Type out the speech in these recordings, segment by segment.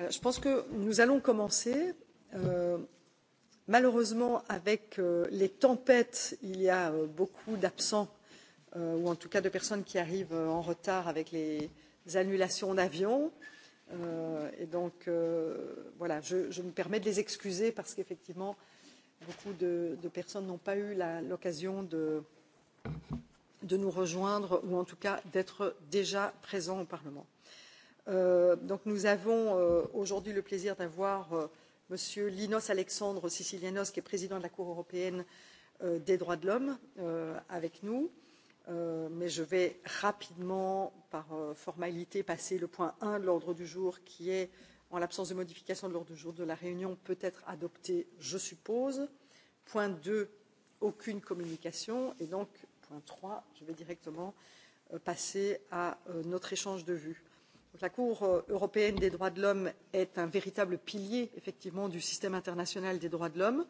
Euh, je pense que nous allons commencer. Euh, malheureusement, avec euh, les tempêtes, il y a beaucoup d'absents, ou en tout cas de personnes qui arrivent en retard avec les annulations d'avions. et donc, voilà, je, je me permets de les excuser parce qu'effectivement, beaucoup de, de personnes n'ont pas eu l'occasion de, de nous rejoindre, ou en tout cas d'être déjà présents au Parlement. Euh, Euh, donc nous avons euh, aujourd'hui le plaisir d'avoir euh, Monsieur Linos Alexandre Sicilianos, qui est président de la Cour européenne euh, des droits de l'homme, euh, avec nous. Euh, mais je vais rapidement, par euh, formalité, passer le point 1 de l'ordre du jour, qui est, en l'absence de modification de l'ordre du jour de la réunion, peut être adopté, je suppose. Point 2, aucune communication. Et donc, point 3, je vais directement euh, passer à euh, notre échange de vues la cour euh, européenne des droits de l'homme est un véritable pilier effectivement du système international des droits de l'homme.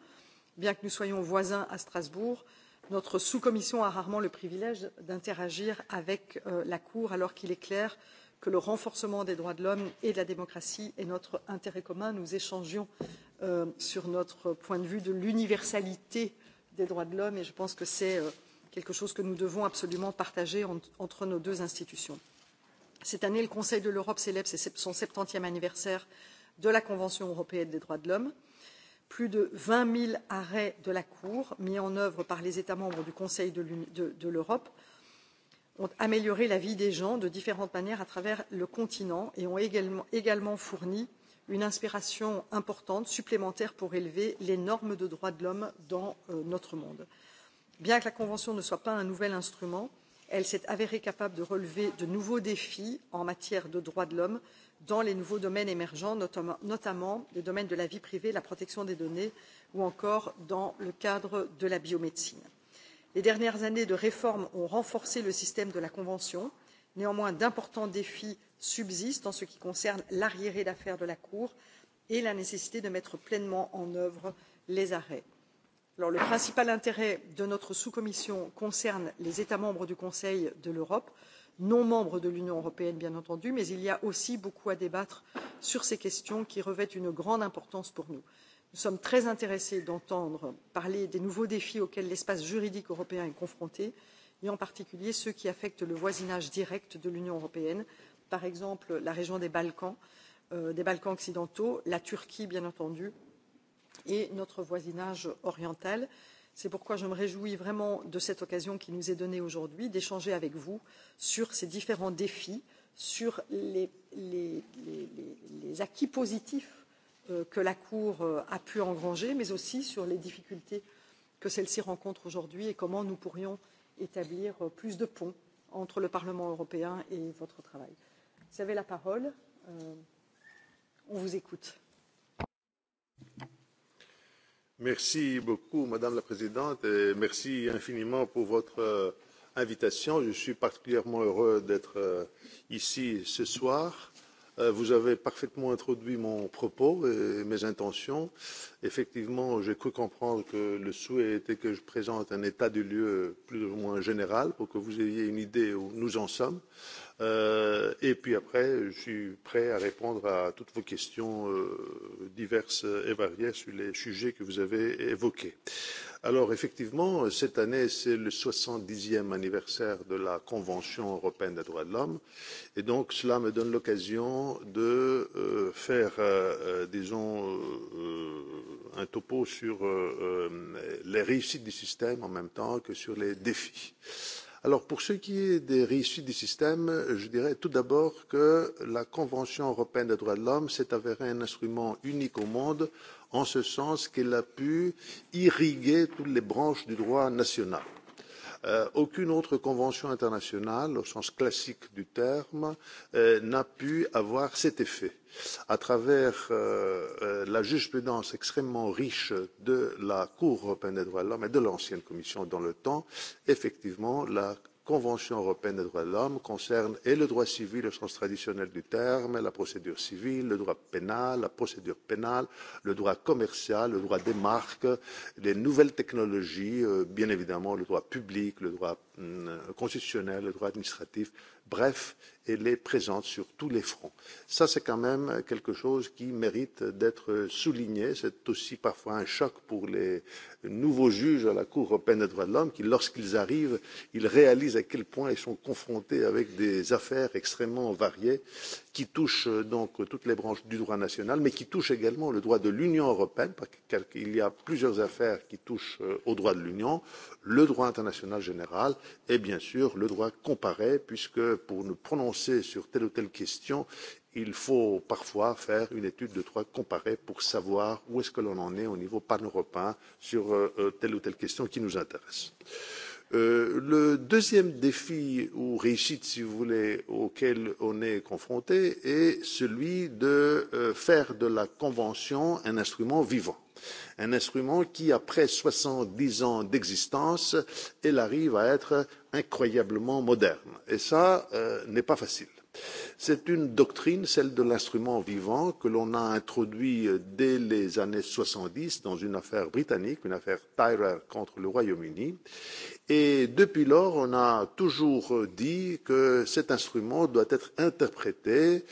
bien que nous soyons voisins à strasbourg notre sous commission a rarement le privilège d'interagir avec euh, la cour alors qu'il est clair que le renforcement des droits de l'homme et de la démocratie est notre intérêt commun. nous échangions euh, sur notre point de vue de l'universalité des droits de l'homme et je pense que c'est euh, quelque chose que nous devons absolument partager en, entre nos deux institutions. Cette année, le Conseil de l'Europe célèbre son 70e anniversaire de la Convention européenne des droits de l'homme. Plus de vingt zéro arrêts de la Cour, mis en œuvre par les États membres du Conseil de l'Europe, ont amélioré la vie des gens de différentes manières à travers le continent et ont également, également fourni une inspiration importante supplémentaire pour élever les normes de droits de l'homme dans euh, notre monde. Bien que la Convention ne soit pas un nouvel instrument, elle s'est avérée capable de relever de nouveaux défis en matière de droits de l'homme dans les nouveaux domaines émergents, notamment, notamment les domaines de la vie privée, la protection des données ou encore dans le cadre de la biomédecine. Les dernières années de réformes ont renforcé le système de la Convention. Néanmoins, d'importants défis subsistent en ce qui concerne l'arriéré d'affaires de la Cour et la nécessité de mettre pleinement en œuvre les arrêts le principal intérêt de notre sous commission concerne les états membres du conseil de l'europe non membres de l'union européenne bien entendu mais il y a aussi beaucoup à débattre sur ces questions qui revêtent une grande importance pour nous. nous sommes très intéressés d'entendre parler des nouveaux défis auxquels l'espace juridique européen est confronté et en particulier ceux qui affectent le voisinage direct de l'union européenne par exemple la région des balkans euh, des balkans occidentaux la turquie bien entendu et notre voisinage oriental. C'est pourquoi je me réjouis vraiment de cette occasion qui nous est donnée aujourd'hui d'échanger avec vous sur ces différents défis, sur les, les, les, les les acquis positifs euh, que la Cour euh, a pu engranger, mais aussi sur les difficultés que celle-ci rencontre aujourd'hui et comment nous pourrions établir euh, plus de ponts entre le Parlement européen et votre travail. Vous avez la parole. Euh, on vous écoute. Merci beaucoup, Madame la Présidente, et merci infiniment pour votre euh, invitation. Je suis particulièrement heureux d'être euh, ici ce soir. Euh, vous avez parfaitement introduit mon propos et mes intentions. Effectivement, j'ai cru comprendre que le souhait était que je présente un état du lieu plus ou moins général pour que vous ayez une idée où nous en sommes. Euh, et puis après, je suis prêt à répondre à toutes vos questions euh, diverses et variées sur les sujets que vous avez évoqués. Alors effectivement, cette année, c'est le 70e anniversaire de la Convention européenne des droits de l'homme. Et donc cela me donne l'occasion de euh, faire, euh, euh disons, euh, un topo sur euh, euh, les réussites du système en même temps que sur les défis. Euh, Alors, pour ce qui est des réussites du système, je dirais tout d'abord que la Convention européenne des droits de l'homme s'est avérée un instrument unique au monde en ce sens qu'elle a pu irriguer toutes les branches du droit national. Euh, aucune autre convention internationale, au sens classique du terme, euh, n'a pu avoir cet effet. À travers euh, euh, la jurisprudence extrêmement riche de la Cour européenne des droits de l'homme et de l'ancienne Commission dans le temps, effectivement, la convention européenne des droits de l'homme concerne et le droit civil au sens traditionnel du terme, la procédure civile, le droit pénal, la procédure pénale, le droit commercial, le droit des marques, les nouvelles technologies, euh, bien évidemment le droit public, le droit mm, constitutionnel, le droit administratif, bref elle est présente sur tous les fronts. Ça, c'est quand même quelque chose qui mérite d'être souligné. C'est aussi parfois un choc pour les nouveaux juges à la Cour européenne des droits de l'homme qui, lorsqu'ils arrivent, ils réalisent à quel point ils sont confrontés avec des affaires extrêmement variées qui touche euh, donc toutes les branches du droit national, mais qui touche également le droit de l'Union européenne, parce qu'il y a plusieurs affaires qui touchent euh, au droit de l'Union, le droit international général et bien sûr le droit comparé, puisque pour nous prononcer sur telle ou telle question, il faut parfois faire une étude de droit comparé pour savoir où est-ce que l'on en est au niveau pan-européen sur euh, telle ou telle question qui nous intéresse. Euh, le deuxième défi ou réussite, si vous voulez, auquel on est confronté est celui de euh, faire de la Convention un instrument vivant, un instrument qui, après 70 ans d'existence, elle arrive à être incroyablement moderne. Et ça euh, n'est pas facile C'est une doctrine, celle de l'instrument vivant, que l'on a introduit dès les années 70 dans une affaire britannique, une affaire Tyrer contre le Royaume-Uni. Et depuis lors, on a toujours dit que cet instrument doit être interprété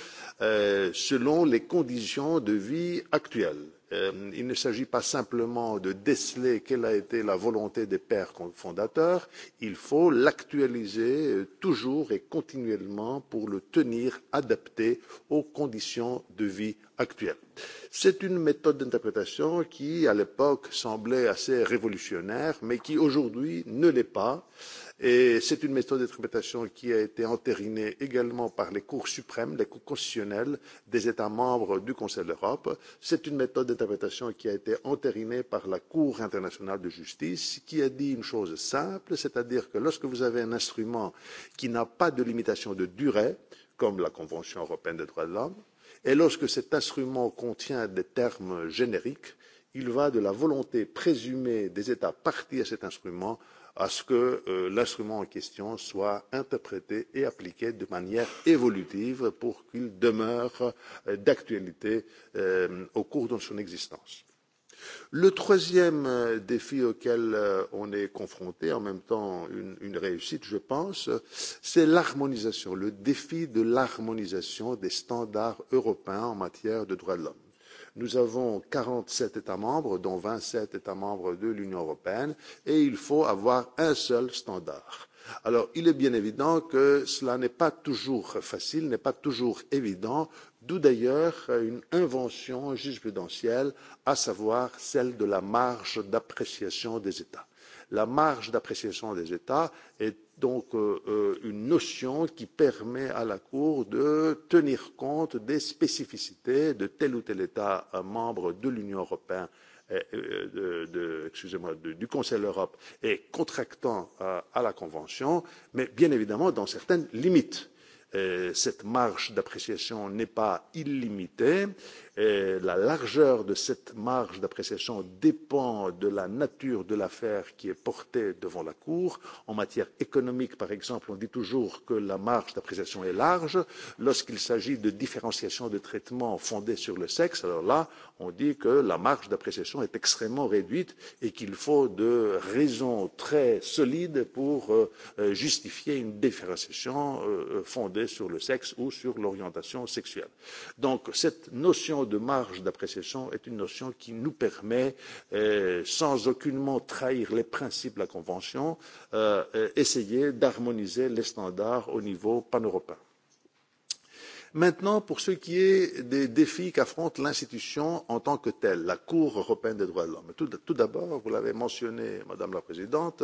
euh, selon les conditions de vie actuelles Euh, il ne s'agit pas simplement de déceler quelle a été la volonté des pères fondateurs il faut l'actualiser euh, toujours et continuellement pour le tenir adapté aux conditions de vie actuelles. c'est une méthode d'interprétation qui à l'époque semblait assez révolutionnaire mais qui aujourd'hui ne l'est pas Et c'est une méthode d'interprétation qui a été entérinée également par les cours suprêmes, les cours constitutionnels des États membres du Conseil de l'Europe. C'est une méthode d'interprétation qui a été entérinée par la Cour internationale de justice, qui a dit une chose simple, c'est-à-dire que lorsque vous avez un instrument qui n'a pas de limitation de durée, comme la Convention européenne des droits de l'homme, et lorsque cet instrument contient des termes génériques, il va de la volonté présumée des États parties à cet instrument à ce que euh, l'instrument en question soit interprété et appliqué de manière évolutive pour qu'il demeure euh, d'actualité euh, au cours de son existence. Le troisième défi auquel on est confronté, en même temps une, une réussite, je pense, c'est l'harmonisation, le défi de l'harmonisation des standards européens en matière de droits de l'homme Nous avons 47 États membres, dont 27 États membres de l'Union européenne, et il faut avoir un seul standard. Alors, il est bien évident que cela n'est pas toujours facile, n'est pas toujours évident, d'où d'ailleurs une invention jurisprudentielle, à savoir celle de la marge d'appréciation des États. La marge d'appréciation des États est donc euh, euh, une notion qui permet à la Cour de tenir compte des spécificités de tel ou tel État membre de l'Union européenne et, euh, de, de, excusez-moi, de, du Conseil de l'Europe et contractant à, euh, à la Convention, mais bien évidemment dans certaines limites. cette marge d'appréciation n'est pas illimitée la largeur de cette marge d'appréciation dépend de la nature de l'affaire qui est portée devant la Cour. En matière économique, par exemple, on dit toujours que la marge d'appréciation est large. Lorsqu'il s'agit de différenciation de traitement fondée sur le sexe, alors là, on dit que la marge d'appréciation est extrêmement réduite et qu'il faut de raisons très solides pour euh, euh, justifier une différenciation euh, fondée sur le sexe ou sur l'orientation sexuelle. Donc cette notion de marge d'appréciation est une notion qui nous permet, euh, sans aucunement trahir les principes de la Convention, euh, euh essayer d'harmoniser les standards au niveau paneuropéen. Maintenant, pour ce qui est des défis qu'affronte l'institution en tant que telle, la Cour européenne des droits de l'homme, tout, tout d'abord, vous l'avez mentionné, Madame la Présidente,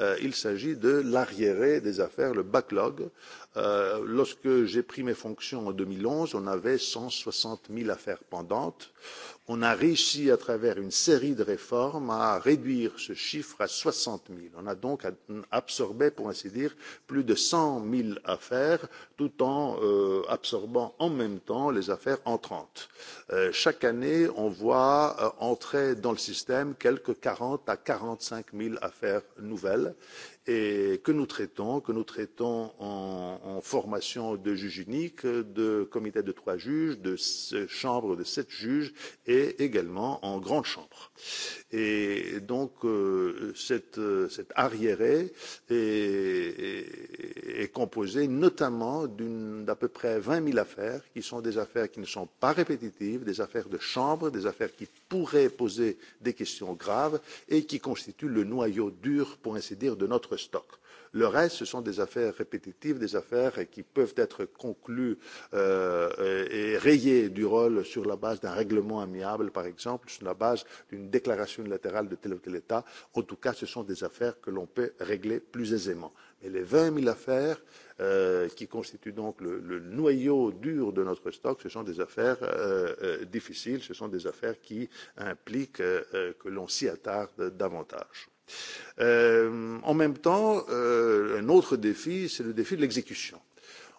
euh, il s'agit de l'arriéré des affaires, le backlog. Euh, lorsque j'ai pris mes fonctions en 2011, on avait 160 000 affaires pendantes. Euh, on a réussi à travers une série de réformes à réduire ce chiffre à 60 000. On a donc absorbé, pour ainsi dire, plus de 100 000 affaires tout en euh, absorbant en même temps les affaires entrantes. Euh, chaque année, on voit euh, entrer dans le système quelque 40 à 45 000 affaires nouvelles et que nous traitons, que nous traitons en, en formation de juges uniques, de comités de trois juges, de chambres de sept juges et également en grande chambre. Et donc euh, cette, cette arriéré est, est, est composée notamment d'à peu près 20 000 affaires qui sont des affaires qui ne sont pas répétitives, des affaires de chambre, des affaires qui pourraient poser des questions graves et qui constituent le noyau dur, pour ainsi dire, de notre notre stock. Le reste, ce sont des affaires répétitives, des affaires qui peuvent être conclues euh, et rayées du rôle sur la base d'un règlement amiable, par exemple, sur la base d'une déclaration latérale de tel ou tel État. En tout cas, ce sont des affaires que l'on peut régler plus aisément. Mais les 20 000 affaires euh, qui constituent donc le, le noyau dur de notre stock, ce sont des affaires euh, euh, difficiles, ce sont des affaires qui impliquent euh, euh que l'on s'y attarde davantage. Euh, en même temps, euh, un autre défi, c'est le défi de l'exécution.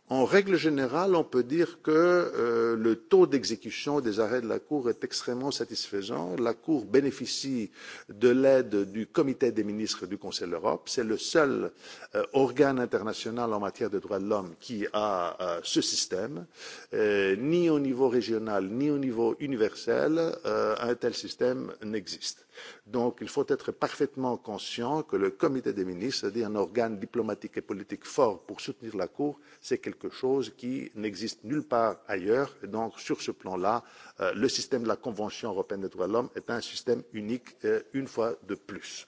En règle générale, on peut dire que euh, le taux d'exécution des arrêts de la Cour est extrêmement satisfaisant. La Cour bénéficie de l'aide du Comité des ministres du Conseil de l'Europe. C'est le seul euh, organe international en matière de droits de l'homme qui a euh, ce système. Euh, ni au niveau régional, ni au niveau universel, euh, un tel système n'existe Donc il faut être parfaitement conscient que le comité des ministres, c'est-à-dire un organe diplomatique et politique fort pour soutenir la Cour, c'est quelque chose qui n'existe nulle part ailleurs. Et donc sur ce plan-là, euh, le système de la Convention européenne des droits de l'homme est un système unique euh, une fois de plus.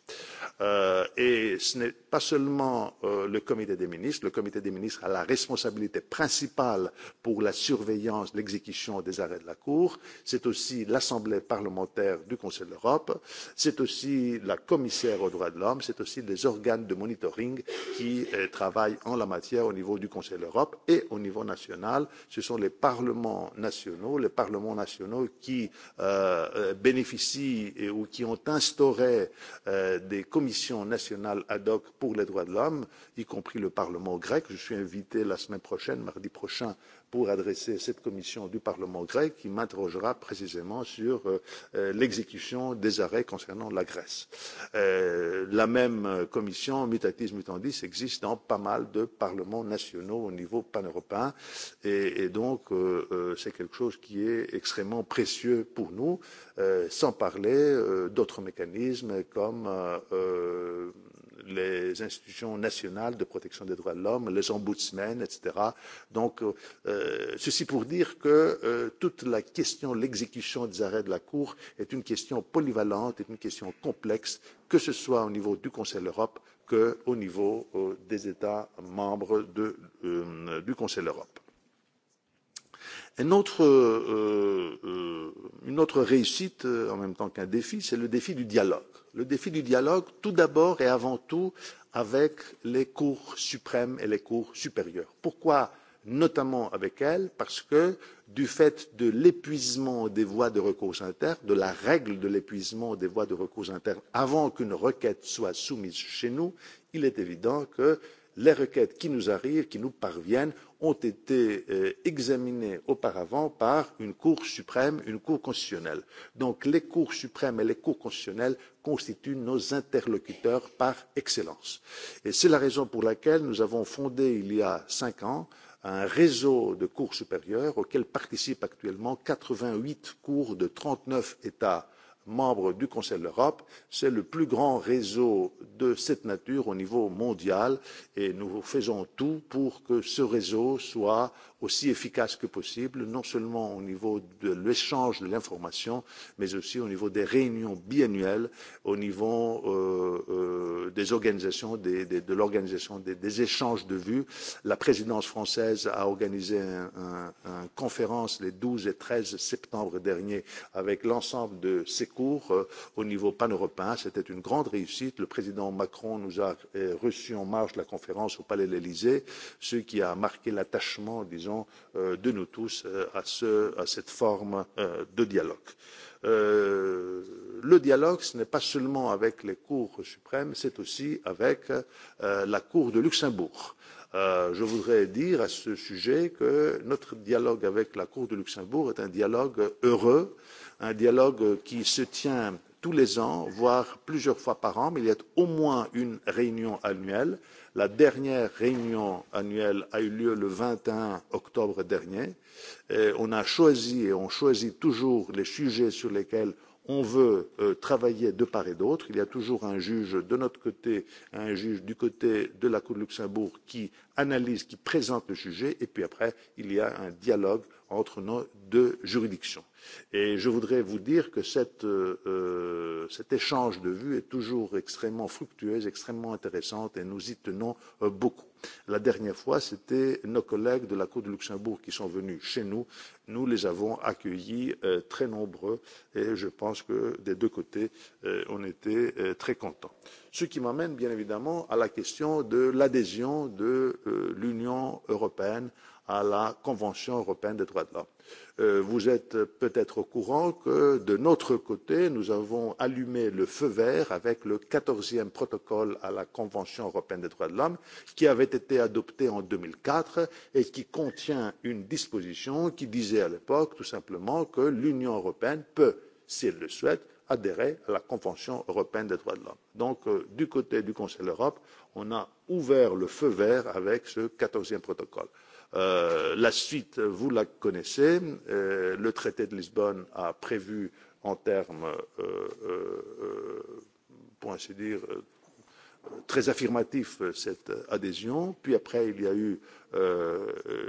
Euh, et ce n'est pas seulement euh, le comité des ministres, le comité des ministres a la responsabilité principale pour la surveillance, l'exécution des arrêts de la Cour, c'est aussi l'Assemblée parlementaire du Conseil de l'Europe, C'est aussi la commissaire aux droits de l'homme, c'est aussi les organes de monitoring qui euh, travaillent en la matière au niveau du Conseil de l'Europe et au niveau national. Ce sont les parlements nationaux, les parlements nationaux qui euh, euh, bénéficient et, ou qui ont instauré euh, des commissions nationales ad hoc pour les droits de l'homme, y compris le Parlement grec. Je suis invité la semaine prochaine, mardi prochain, pour adresser cette commission du Parlement grec qui m'interrogera précisément sur euh, euh, l'exécution des arrêts concernant la Grèce. Euh, la même commission, mutatis mutandis, existe dans pas mal de parlements nationaux au niveau paneuropéen et, et donc c'est quelque chose qui est extrêmement précieux pour nous, sans parler d'autres mécanismes comme euh, les institutions nationales de protection des droits de l'homme, les ombudsmen, etc. Donc, euh, ceci pour dire que euh, toute la question, l'exécution des arrêts de la Cour est une question polyvalente, est une question complexe, que ce soit au niveau du Conseil de l'Europe qu'au niveau euh, des États membres de, euh, du Conseil de l'Europe. Un autre, euh, euh, une autre réussite, euh, en même temps qu'un défi, c'est le défi du dialogue. Le défi du dialogue, tout d'abord et avant tout, avec les cours suprêmes et les cours supérieurs. Pourquoi notamment avec elles, parce que du fait de l'épuisement des voies de recours internes, de la règle de l'épuisement des voies de recours internes avant qu'une requête soit soumise chez nous, il est évident que euh, les requêtes qui nous arrivent, qui nous parviennent, ont été euh, examinées auparavant par une Cour suprême, une Cour constitutionnelle. Donc les Cours suprêmes et les Cours constitutionnelles constituent nos interlocuteurs par excellence. Et c'est la raison pour laquelle nous avons fondé il y a cinq ans un réseau de cours supérieures auquel participent actuellement 88 cours de 39 États membre du Conseil de l'Europe. C'est le plus grand réseau de cette nature au niveau mondial et nous faisons tout pour que ce réseau soit aussi efficace que possible, non seulement au niveau de l'échange de l'information, mais aussi au niveau des réunions biannuelles, au niveau euh, euh, des organisations, des, des, de l'organisation des, des échanges de vues. La présidence française a organisé une un, un conférence les 12 et 13 septembre dernier avec l'ensemble de ses cours euh, au niveau pan-européen. C'était une grande réussite. Le président Macron nous a euh, reçus en marche de la conférence au Palais de l'Elysée, ce qui a marqué l'attachement, disons, venons euh, de nous tous euh, à, ce, à cette forme euh, de dialogue. le dialogue ce n'est pas seulement avec les cours suprêmes c'est aussi avec la cour de luxembourg. Euh, je voudrais dire à ce sujet que notre dialogue avec la cour de luxembourg est un dialogue heureux un dialogue qui se tient tous les ans voire plusieurs fois par an mais il y a au moins une réunion annuelle La dernière réunion annuelle a eu lieu le 21 octobre dernier. Et on a choisi et on choisit toujours les sujets sur lesquels on veut euh, travailler de part et d'autre. Il y a toujours un juge de notre côté, un juge du côté de la Cour de Luxembourg qui analyse, qui présente le sujet, et puis après, il y a un dialogue entre nos deux juridictions. Et je voudrais vous dire que cette, euh, euh, cet échange de vues est toujours extrêmement fructueux, extrêmement intéressant et nous y tenons euh, beaucoup. La dernière fois, c'était nos collègues de la Cour de Luxembourg qui sont venus chez nous. Nous les avons accueillis euh, très nombreux et je pense que des deux côtés, euh, on était euh, très contents. Ce qui m'amène bien évidemment à la question de l'adhésion de euh, l'Union européenne à la Convention européenne des droits de l'homme. Euh, vous êtes peut-être au courant que de notre côté, nous avons allumé le feu vert avec le 14e protocole à la Convention européenne des droits de l'homme qui avait été adopté en 2004 et qui contient une disposition qui disait à l'époque tout simplement que l'Union européenne peut, si elle le souhaite, adhérer à la Convention européenne des droits de l'homme. Donc, euh, du côté du Conseil de l'Europe, on a ouvert le feu vert avec ce 14e protocole. Euh, la suite, vous la connaissez. Euh, le traité de Lisbonne a prévu en termes, euh, pour ainsi dire, très affirmatifs cette adhésion. Puis après, il y a eu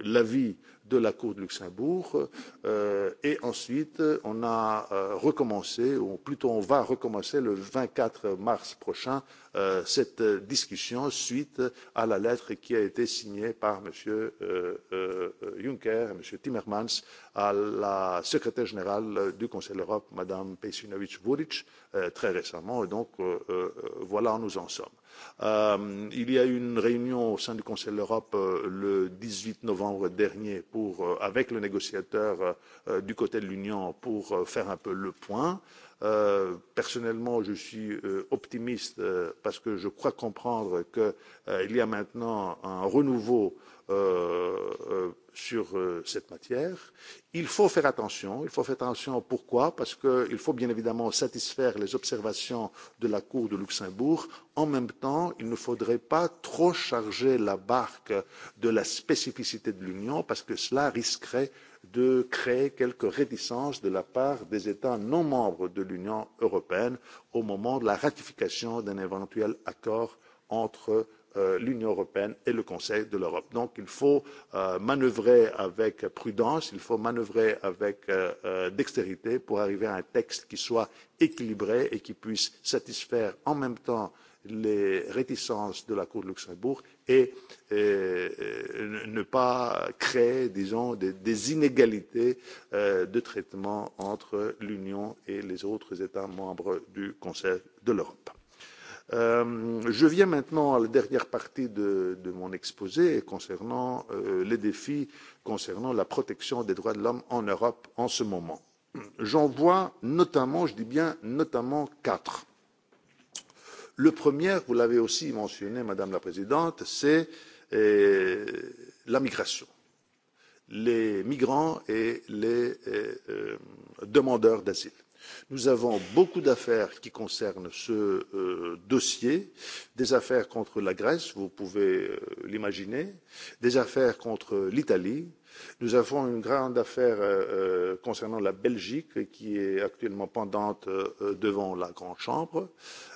l'avis de la Cour de Luxembourg. Euh, et ensuite, on a euh, recommencé, ou plutôt on va recommencer le 24 mars prochain, euh, cette discussion suite à la lettre qui a été signée par M. Euh, euh, Juncker et M. Timmermans à la secrétaire générale du Conseil de l'Europe, Mme Pejsinovic-Vuric, euh, très récemment. Et donc, euh, euh, voilà où nous en sommes. Euh, il y a eu une réunion au sein du Conseil de l'Europe euh, le 18 novembre dernier pour, euh, avec le négociateur euh, du côté de l'Union pour euh, faire un peu le point. Euh, Euh, personnellement, je suis euh, optimiste euh, parce que je crois comprendre qu'il euh, y a maintenant un renouveau euh, euh, sur euh, cette matière. Il faut faire attention. Il faut faire attention. Pourquoi Parce qu'il faut bien évidemment satisfaire les observations de la Cour de Luxembourg. En même temps, il ne faudrait pas trop charger la barque de la spécificité de l'Union parce que cela risquerait de créer quelques réticences de la part des États non membres de l'Union européenne au moment de la ratification d'un éventuel accord entre euh, l'Union européenne et le Conseil de l'Europe. Donc il faut euh, manœuvrer avec prudence, il faut manœuvrer avec euh, euh, dextérité pour arriver à un texte qui soit équilibré et qui puisse satisfaire en même temps les réticences de la Cour de Luxembourg et euh, euh, ne pas créer, disons, des, des inégalités euh, de traitement entre l'Union et les autres États membres du Conseil de l'Europe. Euh, je viens maintenant à la dernière partie de, de mon exposé concernant euh, les défis concernant la protection des droits de l'homme en Europe en ce moment. J'en vois notamment, je dis bien notamment quatre. Le premier, vous l'avez aussi mentionné, Madame la Présidente, c'est euh, la migration. Les migrants et les euh, euh, demandeurs d'asile. Nous avons beaucoup d'affaires qui concernent ce euh, dossier, des affaires contre la Grèce, vous pouvez euh, l'imaginer, des affaires contre l'Italie, euh, Nous avons une grande affaire euh, euh, concernant la Belgique qui est actuellement pendante euh, devant la Grande Chambre.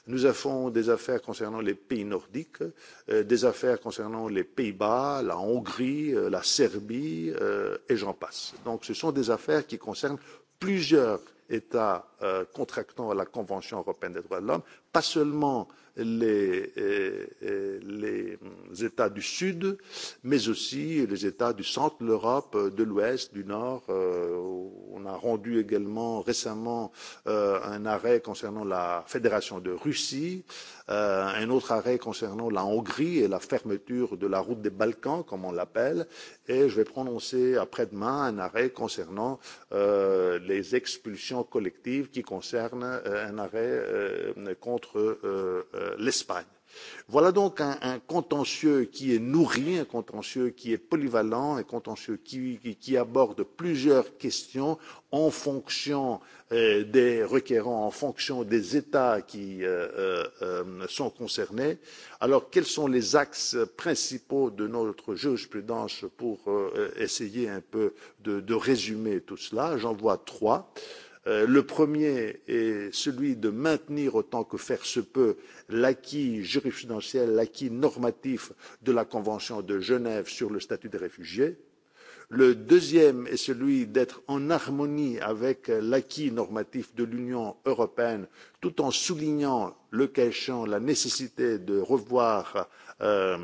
Nous avons des affaires concernant les pays nordiques, euh, des affaires concernant les Pays-Bas, la Hongrie, euh, la Serbie euh, et j'en passe. Donc ce sont des affaires qui concernent plusieurs États euh, contractant la Convention européenne des droits de l'homme, pas seulement les, euh, euh, les États du Sud, mais aussi les États du centre de l'Europe, euh, de l'Ouest, du Nord. on a rendu également récemment un arrêt concernant la Fédération de Russie, un autre arrêt concernant la Hongrie et la fermeture de la route des Balkans, comme on l'appelle, et je vais prononcer après-demain un arrêt concernant les expulsions collectives qui concerne euh, un arrêt euh, contre euh, l'Espagne. Voilà donc un, un contentieux qui est nourri, un contentieux qui est polyvalent, un contentieux qui, qui, qui aborde plusieurs questions en fonction euh, des requérants, en fonction des États qui euh, euh, sont concernés. Alors, quels sont les axes principaux de notre jurisprudence pour euh, essayer un peu de, de résumer tout cela J'en vois trois. Euh, Euh, le premier est celui de maintenir autant que faire se peut l'acquis jurisprudentiel, l'acquis normatif de la Convention de Genève sur le statut des réfugiés. Le deuxième est celui d'être en harmonie avec l'acquis normatif de l'Union européenne, tout en soulignant, le cas échéant, la nécessité de revoir euh,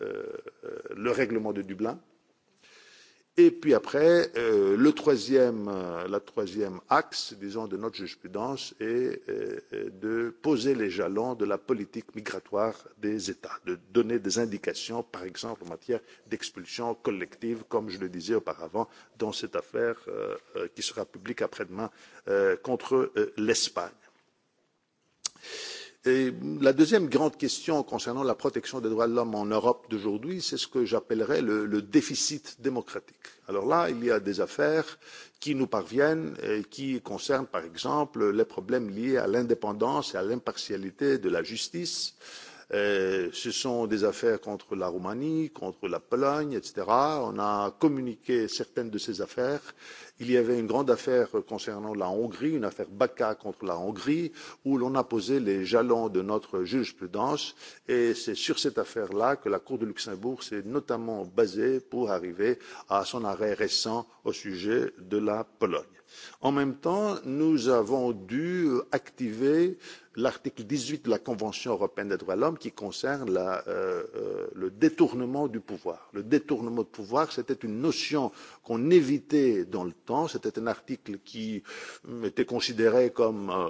euh, le règlement de Dublin. Et puis après, euh, le troisième, euh, la troisième axe, disons, de notre jurisprudence est euh, euh, de poser les jalons de la politique migratoire des États, de donner des indications, par exemple, en matière d'expulsion collective, comme je le disais auparavant, dans cette affaire euh, euh qui sera publique après-demain euh, contre euh, l'Espagne. Euh, Et la deuxième grande question concernant la protection des droits de l'homme en Europe d'aujourd'hui, c'est ce que j'appellerais le, le déficit démocratique. Alors là, il y a des affaires qui nous parviennent et qui concernent par exemple les problèmes liés à l'indépendance et à l'impartialité de la justice. Euh, Euh, ce sont des affaires contre la Roumanie, contre la Pologne, etc. On a communiqué certaines de ces affaires. Il y avait une grande affaire concernant la Hongrie, une affaire Baca contre la Hongrie, où l'on a posé les jalons de notre jurisprudence. Et c'est sur cette affaire-là que la Cour de Luxembourg s'est notamment basée pour arriver à son arrêt récent au sujet de la Pologne. En même temps, nous avons dû activer l'article 18 de la Convention européenne des droits de l'homme qui concerne la, euh, euh, le détournement du pouvoir. Le détournement de pouvoir, c'était une notion qu'on évitait dans le temps. C'était un article qui était considéré comme euh,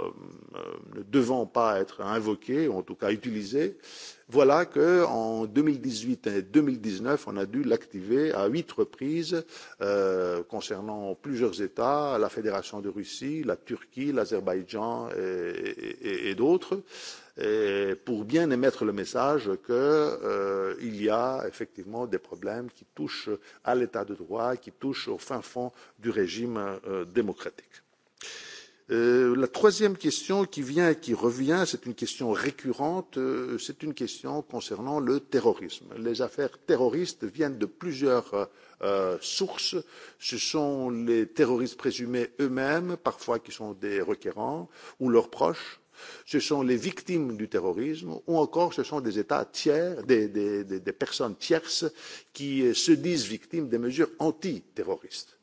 euh, ne devant pas être invoqué, ou en tout cas utilisé. Euh, Voilà que qu'en 2018 et 2019, on a dû l'activer à huit reprises euh, concernant plusieurs États, la Fédération de Russie, la Turquie, l'Azerbaïdjan et, et, et d'autres, pour bien émettre le message qu'il euh, y a effectivement des problèmes qui touchent à l'état de droit, qui touchent au fin fond du régime euh, démocratique. Euh, la troisième question qui vient et qui revient, c'est une question récurrente, euh, c'est une question concernant le terrorisme. Les affaires terroristes viennent de plusieurs euh, sources. Ce sont les terroristes présumés eux-mêmes, parfois qui sont des requérants, ou leurs proches. Ce sont les victimes du terrorisme ou encore ce sont des États tiers, des, des, des, des personnes tierces qui se disent victimes des mesures antiterroristes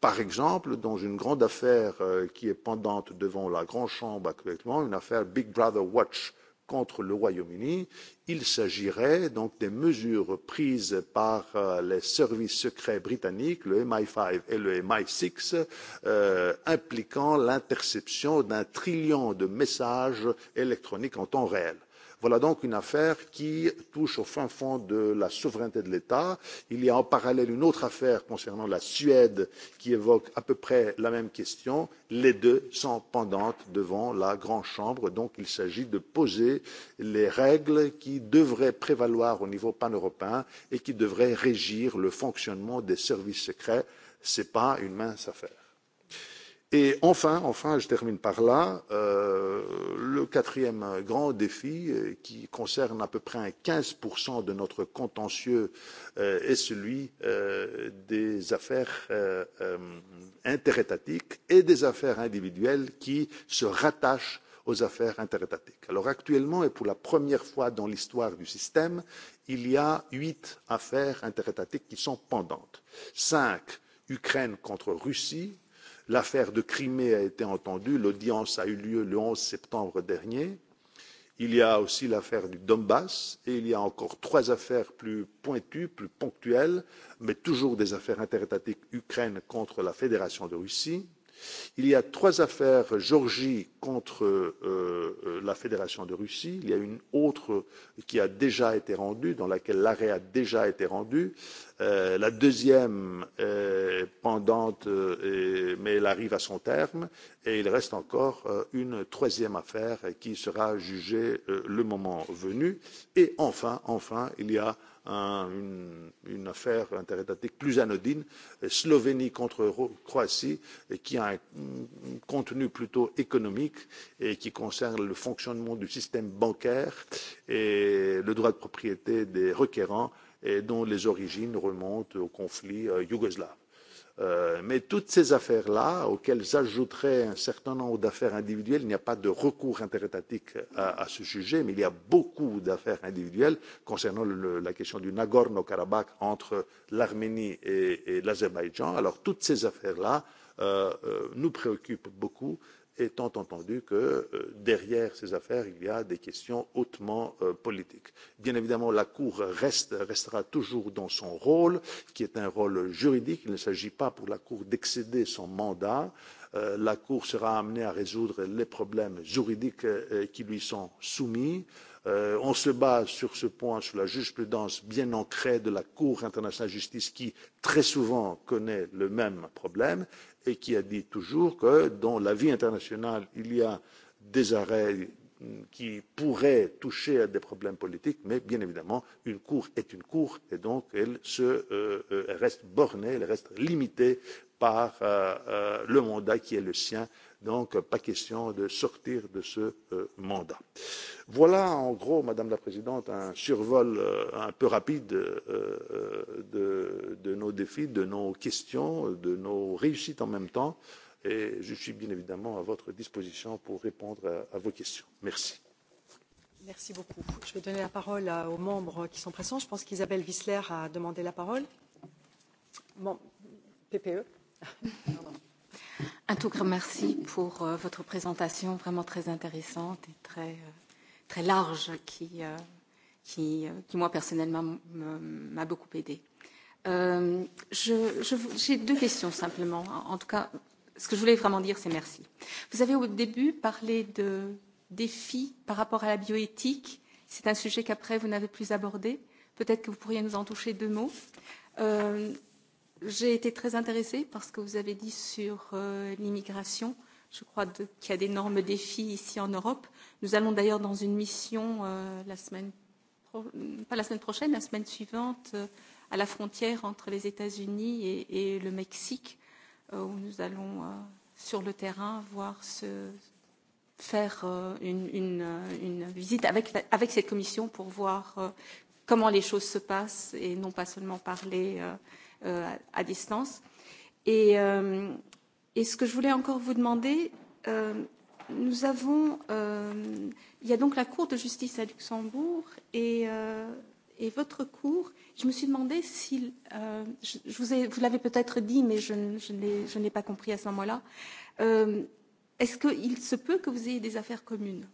Par exemple, dans une grande affaire euh, qui est pendante devant la Grande Chambre actuellement, une affaire Big Brother Watch contre le Royaume-Uni, il s'agirait donc des mesures prises par euh, les services secrets britanniques, le MI5 et le MI6, euh, impliquant l'interception d'un trillion de messages électroniques en temps réel. Voilà donc une affaire qui touche au fin fond de la souveraineté de l'État. Il y a en parallèle une autre affaire concernant la Suède qui évoque à peu près la même question. Les deux sont pendantes devant la Grande Chambre, donc il s'agit de poser les règles qui devraient prévaloir au niveau paneuropéen et qui devraient régir le fonctionnement des services secrets. Ce n'est pas une mince affaire. Et enfin, enfin, je termine par là, euh, le quatrième grand défi euh, qui concerne à peu près 15% de notre contentieux euh, est celui euh, des affaires euh, euh, interétatiques et des affaires individuelles qui se rattachent aux affaires interétatiques. Alors actuellement, et pour la première fois dans l'histoire du système, il y a huit affaires interétatiques qui sont pendantes. Cinq, Ukraine contre Russie, L'affaire de Crimée a été entendue, l'audience a eu lieu le 11 septembre dernier. Il y a aussi l'affaire du Donbass et il y a encore trois affaires plus pointues, plus ponctuelles, mais toujours des affaires interétatiques Ukraine contre la Fédération de Russie il y a trois affaires Georgie contre euh, euh, la Fédération de Russie. Il y a une autre qui a déjà été rendue, dans laquelle l'arrêt a déjà été rendu. Euh, la deuxième est pendante, euh, et, mais elle arrive à son terme. Et il reste encore euh, une troisième affaire qui sera jugée euh, le moment venu. Et enfin, enfin, il y a un, une, une affaire interétatique plus anodine, euh, Slovénie contre Croatie, et qui a un, un contenu plutôt économique et qui concerne le fonctionnement du système bancaire et le droit de propriété des requérants et dont les origines remontent au conflit euh, yougoslave. Euh, mais toutes ces affaires-là, auxquelles j'ajouterais un certain nombre d'affaires individuelles, il n'y a pas de recours interétatique à, à ce sujet, mais il y a beaucoup d'affaires individuelles concernant le, la question du Nagorno-Karabakh entre l'Arménie et, et l'Azerbaïdjan. Alors toutes ces affaires-là euh, euh, nous préoccupent beaucoup étant entendu que euh, derrière ces affaires, il y a des questions hautement euh, politiques. Bien évidemment, la Cour reste, restera toujours dans son rôle, qui est un rôle juridique. Il ne s'agit pas pour la Cour d'excéder son mandat. Euh, la Cour sera amenée à résoudre les problèmes juridiques euh, qui lui sont soumis. Euh, on se base sur ce point, sur la jurisprudence bien ancrée de la Cour internationale de justice qui, très souvent, connaît le même problème et qui a dit toujours que dans la vie internationale, il y a des arrêts mm, qui pourraient toucher à des problèmes politiques, mais bien évidemment, une cour est une cour et donc elle se, euh, elle euh, reste bornée, elle reste limitée par euh, euh, le mandat qui est le sien Donc, pas question de sortir de ce euh, mandat. Voilà, en gros, Madame la Présidente, un survol euh, un peu rapide euh, euh, de, de nos défis, de nos questions, de nos réussites en même temps. Et je suis bien évidemment à votre disposition pour répondre à, à vos questions. Merci. Merci beaucoup. Je vais donner la parole à, aux membres qui sont présents. Je pense qu'Isabelle Wissler a demandé la parole. Bon, PPE. Pardon. Un tout grand merci pour euh, votre présentation vraiment très intéressante et très, euh, très large qui, euh, qui, euh, qui, moi, personnellement, m'a beaucoup aidé. Euh, J'ai je, je, deux questions simplement. En, en tout cas, ce que je voulais vraiment dire, c'est merci. Vous avez au début parlé de défis par rapport à la bioéthique. C'est un sujet qu'après, vous n'avez plus abordé. Peut-être que vous pourriez nous en toucher deux mots. Euh, J'ai été très intéressée par ce que vous avez dit sur euh, l'immigration. Je crois qu'il y a d'énormes défis ici en Europe. Nous allons d'ailleurs dans une mission euh, la semaine, pro... pas la semaine prochaine, la semaine suivante, euh, à la frontière entre les États-Unis et, et le Mexique, euh, où nous allons euh, sur le terrain voir ce, faire euh, une, une, euh, une visite avec, la, avec cette commission pour voir euh, comment les choses se passent et non pas seulement parler. Euh, euh, à distance. Et, euh, et ce que je voulais encore vous demander, euh, nous avons, euh, il y a donc la Cour de justice à Luxembourg et, euh, et votre Cour. Je me suis demandé si, euh, je, je vous, ai, vous l'avez peut-être dit, mais je, je ne l'ai pas compris à ce moment-là. Euh, est-ce qu'il se peut que vous ayez des affaires communes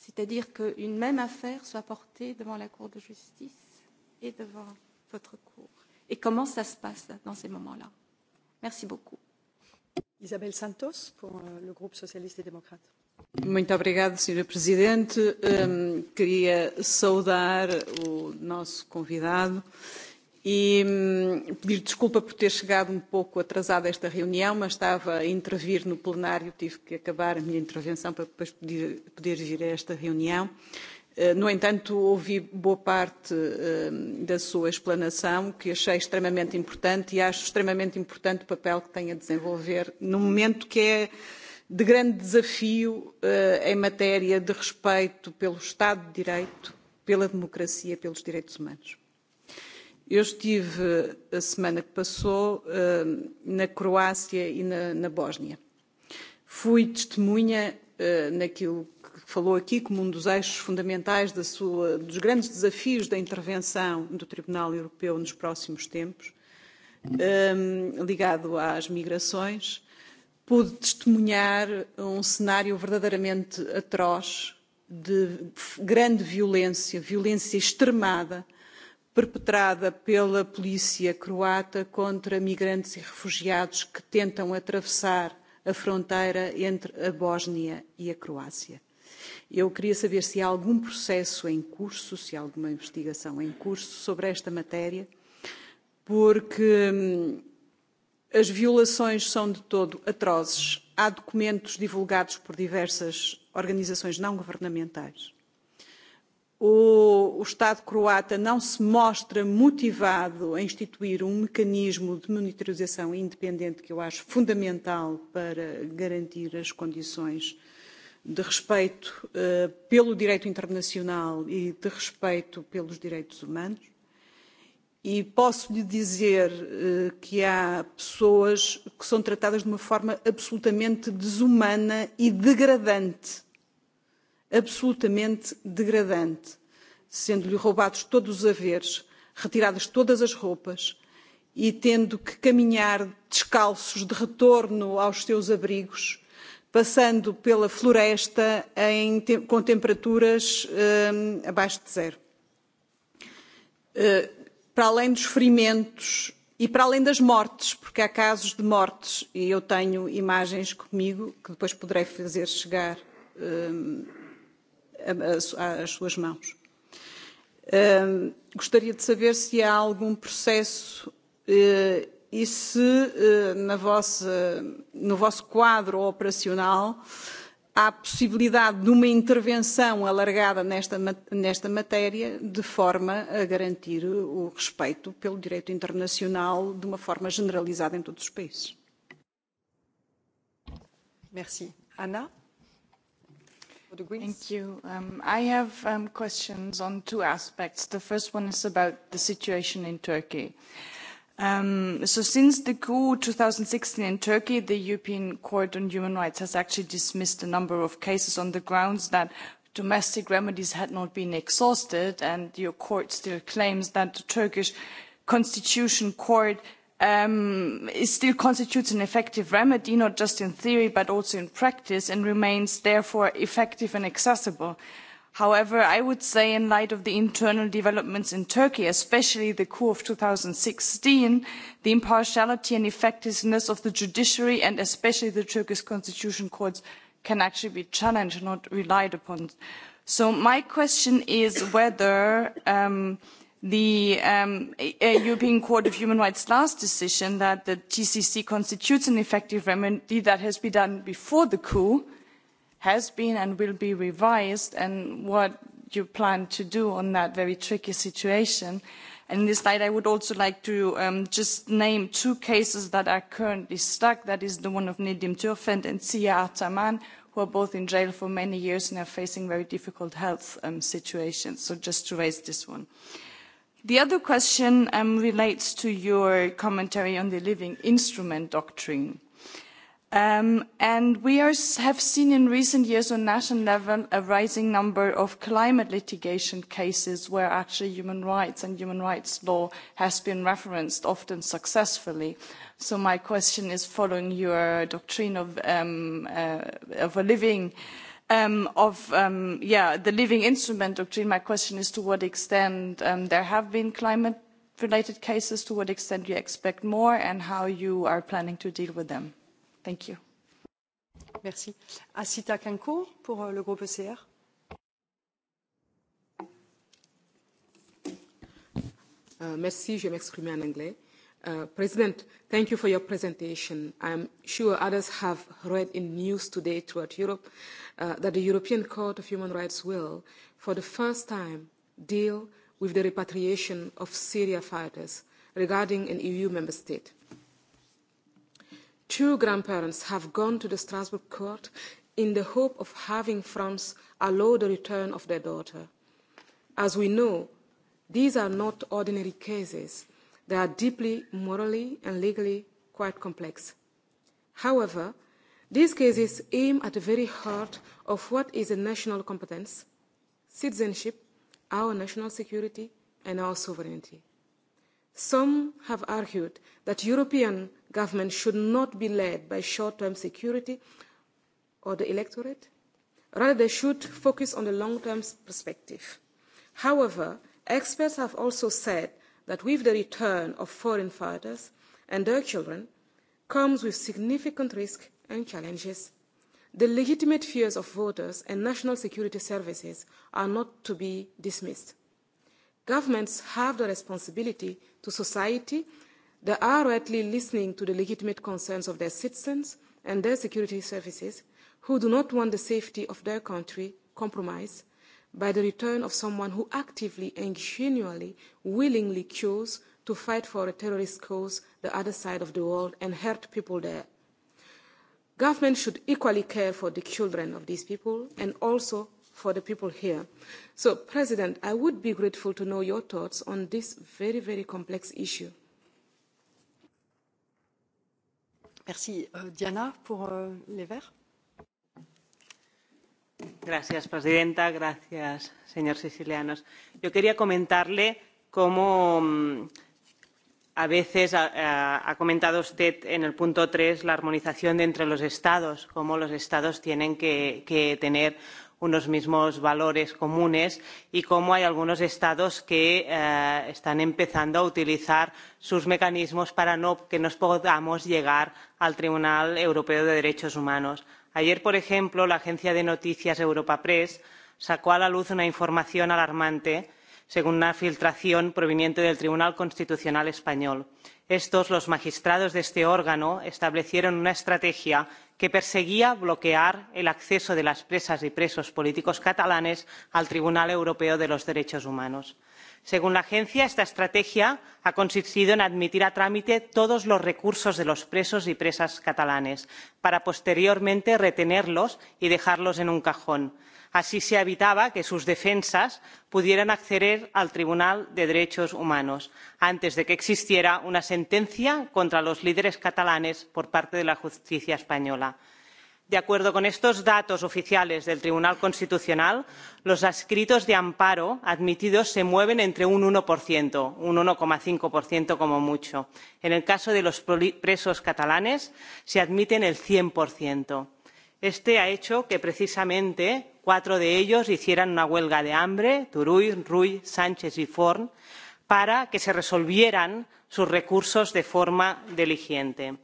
C'est-à-dire qu'une même affaire soit portée devant la Cour de justice et devant votre Cour et comment ça se passe dans ces moments-là. Merci beaucoup. Isabel Santos pour euh, le groupe socialiste et démocrate. Muito obrigado, Sra. Presidente. Um, queria saudar o nosso convidado e um, pedir desculpa por ter chegado um pouco atrasada a esta reunião, mas estava a intervir no plenário, tive que acabar a minha intervenção para depois poder, poder vir a esta reunião. Uh, Eh, no entanto, ouvi boa parte eh, da sua explanação, que achei extremamente importante e acho extremamente importante o papel que tem a desenvolver num momento que é de grande desafio eh, em matéria de respeito pelo Estado de Direito, pela democracia, e pelos direitos humanos. Eu estive a semana que passou na Croácia e na, na Bósnia. Fui testemunha naquilo falou aqui como um dos eixos fundamentais da sua, dos grandes desafios da intervenção do Tribunal Europeu nos próximos tempos, um, ligado às migrações, pude testemunhar um cenário verdadeiramente atroz de grande violência, violência extremada, perpetrada pela polícia croata contra migrantes e refugiados que tentam atravessar a fronteira entre a Bósnia e a Croácia. Eu queria saber se há algum processo em curso, se há alguma investigação em curso sobre esta matéria, porque hum, as violações são de todo atrozes. Há documentos divulgados por diversas organizações não governamentais. O, o Estado croata não se mostra motivado a instituir um mecanismo de monitorização independente que eu acho fundamental para garantir as condições uh, de respeito uh, pelo direito internacional e de respeito pelos direitos humanos. E posso lhe dizer uh, que há pessoas que são tratadas de uma forma absolutamente desumana e degradante. Absolutamente degradante. Sendo-lhe roubados todos os haveres, retiradas todas as roupas e tendo que caminhar descalços de retorno aos seus abrigos passando pela floresta em, com temperaturas um, abaixo de zero. Uh, para além dos ferimentos e para além das mortes, porque há casos de mortes, e eu tenho imagens comigo que depois poderei fazer chegar um, às suas mãos. Um, gostaria de saber se há algum processo uh, e se eh, na vossa, no vosso quadro operacional há possibilidade de uma intervenção alargada nesta, nesta matéria, de forma a garantir o respeito pelo direito internacional de uma forma generalizada em todos os países. Merci. Anna? Thank you. Um, I have um, questions on two aspects. The first one is about the situation in Turkey. Uh, Um, so since the coup 2016 in Turkey, the European Court on Human Rights has actually dismissed a number of cases on the grounds that domestic remedies had not been exhausted, and your court still claims that the Turkish Constitution Court um, still constitutes an effective remedy, not just in theory, but also in practice, and remains therefore effective and accessible however i would say in light of the internal developments in turkey especially the coup of two thousand and sixteen the impartiality and effectiveness of the judiciary and especially the turkish constitutional courts can actually be challenged not relied upon. so my question is whether um, the um, european court of human rights last decision that the tcc constitutes an effective remedy that has been done before the coup has been and will be revised and what you plan to do on that very tricky situation. In this light, I would also like to um, just name two cases that are currently stuck. That is the one of Nedim Turfend and Sia Ataman, who are both in jail for many years and are facing very difficult health um, situations. So just to raise this one. The other question um, relates to your commentary on the living instrument doctrine. Um, and we are, have seen in recent years on national level a rising number of climate litigation cases where actually human rights and human rights law has been referenced, often successfully. So my question is following your doctrine of, um, uh, of a living um, of um, yeah, the living instrument doctrine, my question is to what extent um, there have been climate related cases, to what extent you expect more and how you are planning to deal with them. Thank you. Merci. Asita Kanko pour euh, le groupe ECR. Uh, merci, je vais m'exprimer en anglais. Uh, President, thank you for your presentation. I'm sure others have read in news today throughout Europe uh, that the European Court of Human Rights will, for the first time, deal with the repatriation of Syria fighters regarding an EU member state two grandparents have gone to the Strasbourg court in the hope of having France allow the return of their daughter. As we know, these are not ordinary cases. They are deeply morally and legally quite complex. However, these cases aim at the very heart of what is a national competence, citizenship, our national security, and our sovereignty. Some have argued that European governments should not be led by short-term security or the electorate. Rather, they should focus on the long-term perspective. However, experts have also said that with the return of foreign fighters and their children comes with significant risk and challenges. The legitimate fears of voters and national security services are not to be dismissed. Governments have the responsibility to society. They are rightly listening to the legitimate concerns of their citizens and their security services who do not want the safety of their country compromised by the return of someone who actively and genuinely, willingly chose to fight for a terrorist cause the other side of the world and hurt people there. Government should equally care for the children of these people and also for the people here. So, President, I would be grateful to know your thoughts on this very, very complex issue. Merci. Uh, Diana, pour uh, les Verts. Gracias, presidenta. Gracias, señor Sicilianos. Yo quería comentarle cómo mm, a veces ha, ha comentado usted en el punto 3 la armonización de entre los Estados, cómo los Estados tienen que, que tener unos mismos valores comunes y cómo hay algunos estados que eh, están empezando a utilizar sus mecanismos para no, que no podamos llegar al Tribunal Europeo de Derechos Humanos. Ayer, por ejemplo, la agencia de noticias Europa Press sacó a la luz una información alarmante según una filtración proveniente del Tribunal Constitucional español. Estos, los magistrados de este órgano, establecieron una estrategia que perseguía bloquear el acceso de las presas y presos políticos catalanes al Tribunal Europeo de Derechos Humanos. Según la agencia, esta estrategia ha consistido en admitir a trámite todos los recursos de los presos y presas catalanes para posteriormente retenerlos y dejarlos en un cajón así se evitaba que sus defensas pudieran acceder al tribunal de derechos humanos antes de que existiera una sentencia contra los líderes catalanes por parte de la justicia española. de acuerdo con estos datos oficiales del tribunal constitucional los escritos de amparo admitidos se mueven entre un uno un uno cinco como mucho. en el caso de los presos catalanes se admiten el cien por ciento este ha hecho que precisamente cuatro de ellos hicieran una huelga de hambre turull rull sánchez y forn para que se resolvieran sus recursos de forma diligente.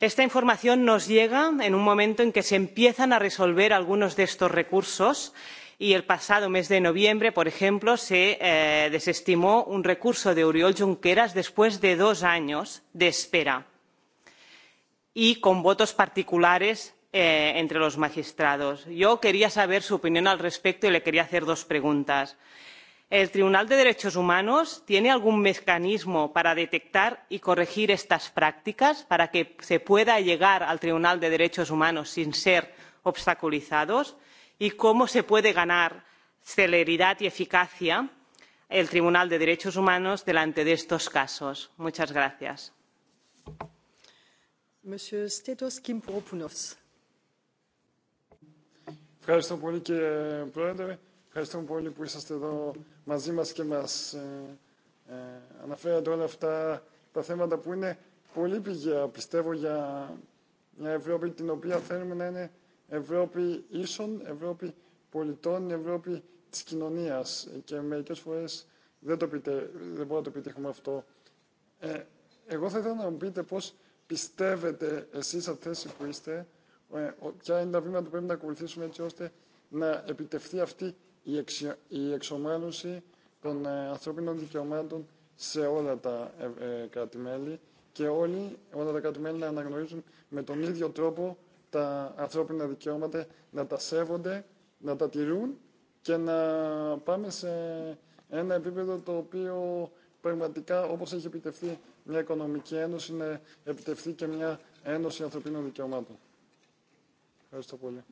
esta información nos llega en un momento en que se empiezan a resolver algunos de estos recursos y el pasado mes de noviembre por ejemplo se eh, desestimó un recurso de oriol junqueras después de dos años de espera y con votos particulares Eh, entre los magistrados. Yo quería saber su opinión al respecto y le quería hacer dos preguntas. ¿El Tribunal de Derechos Humanos tiene algún mecanismo para detectar y corregir estas prácticas, para que se pueda llegar al Tribunal de Derechos Humanos sin ser obstaculizados? ¿Y cómo se puede ganar celeridad y eficacia el Tribunal de Derechos Humanos delante de estos casos? Muchas gracias. Monsieur Stetos Kimpropoulos. Ευχαριστώ πολύ κύριε Πρόεδρε. Ευχαριστώ πολύ που είσαστε εδώ μαζί μας και μας ε, ε, αναφέρατε όλα αυτά τα θέματα που είναι πολύ πηγαία, πιστεύω, για μια Ευρώπη την οποία θέλουμε να είναι Ευρώπη ίσων, Ευρώπη πολιτών, Ευρώπη της κοινωνίας και μερικές φορές δεν, το πείτε, δεν μπορώ να το επιτύχουμε αυτό. Ε, εγώ θα ήθελα να μου πείτε πώς πιστεύετε εσείς από θέση που είστε ποια είναι τα βήματα που πρέπει να ακολουθήσουμε έτσι ώστε να επιτευχθεί αυτή η, εξιο, η εξομάλωση των ε, ανθρώπινων δικαιωμάτων σε όλα τα ε, ε, κράτη-μέλη και όλοι, όλα τα κράτη-μέλη να αναγνωρίζουν με τον ίδιο τρόπο τα ανθρώπινα δικαιώματα, να τα σέβονται, να τα τηρούν και να πάμε σε ένα επίπεδο το οποίο πραγματικά όπως έχει επιτευχθεί μια οικονομική ένωση να επιτευχθεί και μια ένωση ανθρωπίνων δικαιωμάτων. Ευχαριστώ πολύ.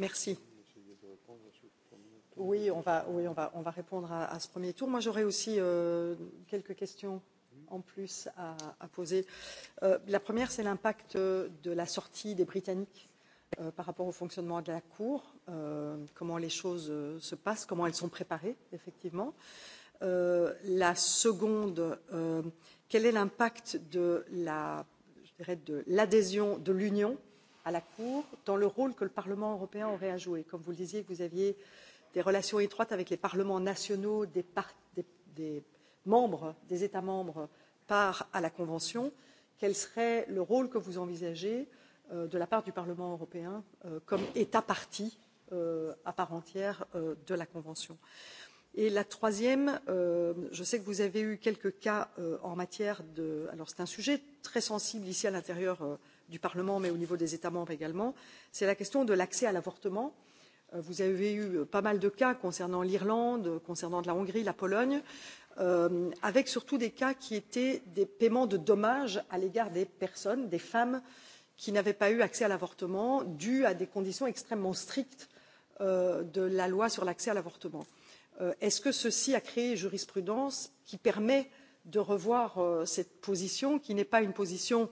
Merci. Oui, on va, oui, on va, on va répondre à, à ce premier tour. Moi, j'aurais aussi euh, quelques questions en plus à, à poser. Euh, la première, c'est l'impact de la sortie des Britanniques euh, par rapport au fonctionnement de la Cour, euh, comment les choses euh, se passent, comment elles sont préparées, effectivement. Euh, la seconde, euh, quel est l'impact de la dirais, de l'adhésion de l'Union à la Cour dans le rôle que le Parlement européen aurait à jouer. Comme vous le disiez, vous aviez des relations étroites avec les parlements nationaux des, par, des, des membres, des États membres par à la Convention. Quel serait le rôle que vous envisagez euh, de la part du Parlement européen euh, comme État parti euh, à part entière euh, de la Convention euh, Et la troisième, euh, je sais que vous avez eu quelques cas euh, en matière de. Alors, c'est un sujet très sensible ici à l'intérieur euh, du Parlement, mais au niveau des États membres également. C'est la question de l'accès à l'avortement. Euh, vous avez eu euh, pas mal de cas concernant l'Irlande, concernant de la Hongrie, la Pologne, euh, avec surtout des cas qui étaient des paiements de dommages à l'égard des personnes, des femmes qui n'avaient pas eu accès à l'avortement, dû à des conditions extrêmement strictes euh, de la loi sur l'accès à l'avortement. Euh, est ce que ceci a créé une jurisprudence qui permet de revoir euh, cette position qui n'est pas une position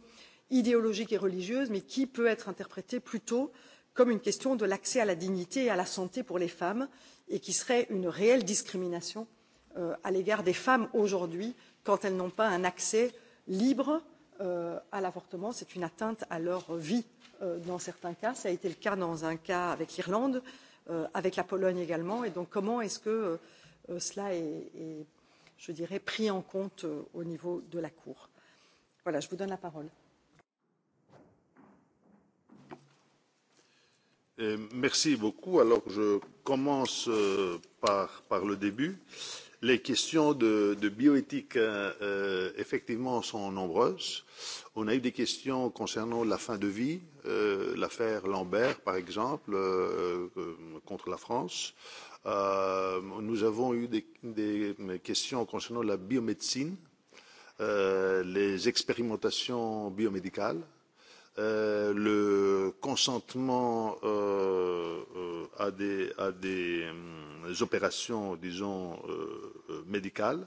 idéologique et religieuse mais qui peut être interprétée plutôt comme une question de l'accès à la dignité et à la santé pour les femmes et qui serait une réelle discrimination euh, à l'égard des femmes aujourd'hui quand elles n'ont pas un accès libre à l'avortement c'est une atteinte à leur vie dans certains cas ça a été le cas dans un cas avec l'irlande euh, avec la Pologne également. Et donc, comment est-ce que euh, euh, cela est, est, je dirais, pris en compte euh, au niveau de la Cour Voilà, je vous donne la parole. Et euh, merci beaucoup. Alors, je commence euh, par, par le début. Les questions de, de bioéthique, euh, euh effectivement, sont nombreuses. On a eu des questions concernant la fin de vie, Euh, l'affaire Lambert, par exemple, euh, euh, contre la France. Euh, nous avons eu des, des questions concernant la biomédecine, euh, les expérimentations biomédicales, euh, le consentement euh, euh, à des, à des euh, opérations, disons, euh, euh médicales.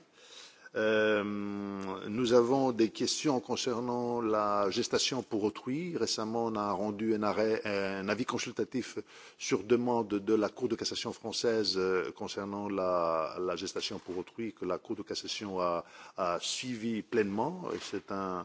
Euh, nous avons des questions concernant la gestation pour autrui. Récemment, on a rendu un, arrêt, un avis consultatif sur demande de la Cour de cassation française euh, concernant la, la gestation pour autrui que la Cour de cassation a, a suivi pleinement. C'est un,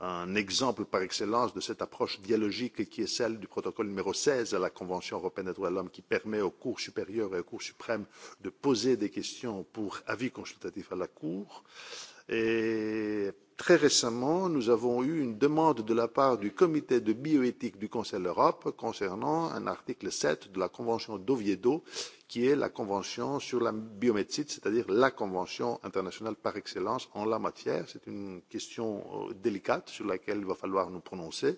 un exemple par excellence de cette approche dialogique qui est celle du protocole numéro 16 à la Convention européenne des droits de l'homme qui permet aux cours supérieures et aux cours suprêmes de poser des questions pour avis consultatif à la Cour. Euh, Et très récemment, nous avons eu une demande de la part du comité de bioéthique du Conseil de l'Europe concernant un article 7 de la Convention d'Oviedo, qui est la Convention sur la biomédecine, c'est-à-dire la Convention internationale par excellence en la matière. C'est une question euh, délicate sur laquelle il va falloir nous prononcer. Euh,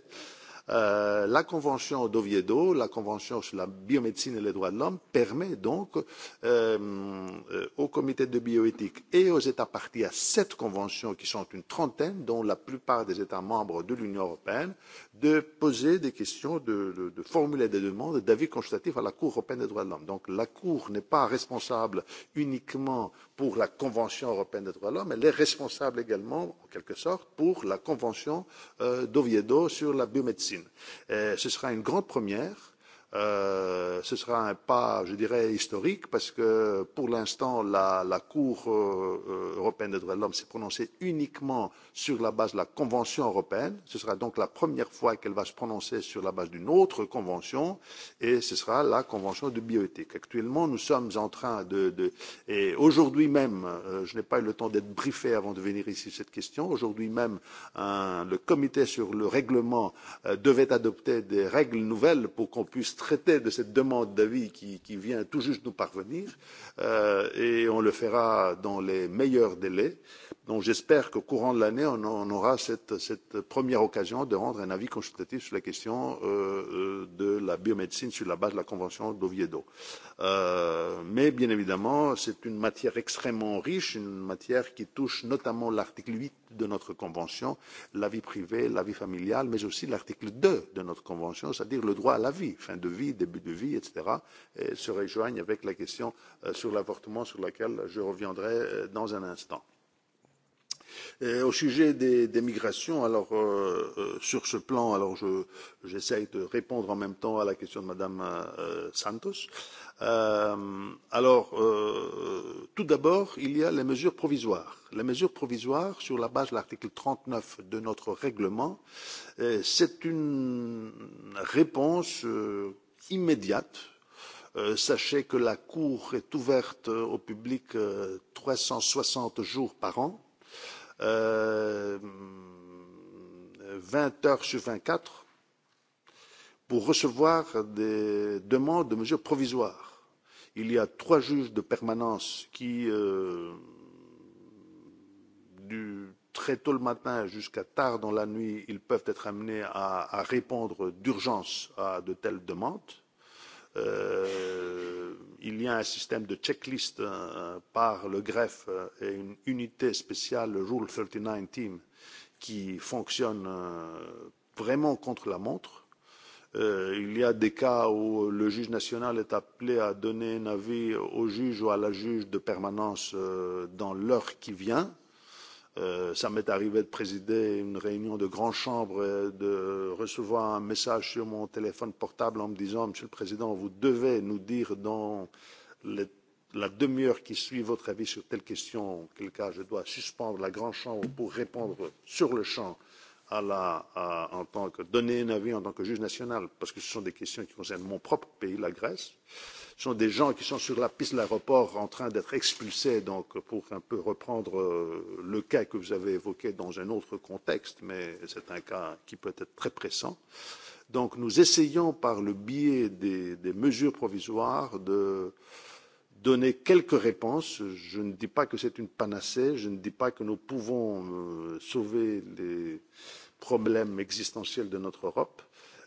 Euh, la convention d'Oviedo, la convention sur la biomédecine et les droits de l'homme permet donc euh, euh, au comité de bioéthique et aux États partis à cette convention, qui sont une trentaine, dont la plupart des États membres de l'Union européenne, de poser des questions, de, de, de formuler des demandes d'avis consultatifs à la Cour européenne des droits de l'homme. Donc la Cour n'est pas responsable uniquement pour la Convention européenne des droits de l'homme, elle est responsable également, en quelque sorte, pour la Convention euh, d'Oviedo sur la biomédecine médecine. Euh, ce sera une grande première Euh, ce sera un pas, je dirais, historique parce que pour l'instant, la, la Cour euh, euh, européenne des droits de l'homme s'est prononcée uniquement sur la base de la Convention européenne. Ce sera donc la première fois qu'elle va se prononcer sur la base d'une autre convention et ce sera la Convention de bioéthique. Actuellement, nous sommes en train de. de et aujourd'hui même, euh, je n'ai pas eu le temps d'être briefé avant de venir ici sur cette question. Aujourd'hui même, un, le comité sur le règlement euh, devait adopter des règles nouvelles pour qu'on puisse traiter de cette demande d'avis qui, qui vient tout juste nous parvenir euh, et on le fera dans les meilleurs délais. Donc j'espère qu'au courant de l'année, on, on aura cette, cette première occasion de rendre un avis consultatif sur la question euh, euh de la biomédecine sur la base de la Convention d'Oviedo. Euh, mais bien évidemment, c'est une matière extrêmement riche, une matière qui touche notamment l'article 8 de notre Convention, la vie privée, la vie familiale, mais aussi l'article 2 de notre Convention, c'est-à-dire le droit à la vie, fin de vie, début de vie, etc., et euh, se rejoignent avec la question euh, sur l'avortement sur laquelle je reviendrai euh, dans un instant. Et au sujet des, des migrations, alors euh, euh, sur ce plan, alors je j'essaye de répondre en même temps à la question de Madame euh, Santos. Euh, alors, euh, tout d'abord, il y a les mesures provisoires. Les mesures provisoires, sur la base de l'article 39 de notre règlement, euh, c'est une réponse euh, immédiate. Euh, sachez que la Cour est ouverte euh, au public euh, 360 jours par an, euh, 20 heures sur 24, pour recevoir des demandes de mesures provisoires. Il y a trois juges de permanence qui, euh, du très tôt le matin jusqu'à tard dans la nuit, ils peuvent être amenés à, à répondre d'urgence à de telles demandes. Euh, il y a un système de checklist euh, par le greffe euh, et une unité spéciale, le Rule 39 Team, qui fonctionne euh, vraiment contre la montre. Euh, il y a des cas où le juge national est appelé à donner un avis au juge ou à la juge de permanence euh, dans l'heure qui vient Euh, ça m'est arrivé de présider une réunion de Grand chambre, et de recevoir un message sur mon téléphone portable en me disant, Monsieur le Président, vous devez nous dire dans les, la demi-heure qui suit votre avis sur telle question, en quel cas je dois suspendre la grande chambre pour répondre sur le champ à la, à, en tant que donner un avis en tant que juge national, parce que ce sont des questions qui concernent mon propre pays, la Grèce. Euh, Ce sont des gens qui sont sur la piste de l'aéroport en train d'être expulsés, donc pour un peu reprendre euh, le cas que vous avez évoqué dans un autre contexte, mais c'est un cas qui peut être très pressant. Donc nous essayons par le biais des, des mesures provisoires de donner quelques réponses. Je ne dis pas que c'est une panacée, je ne dis pas que nous pouvons euh, sauver les problèmes existentiels de notre Europe,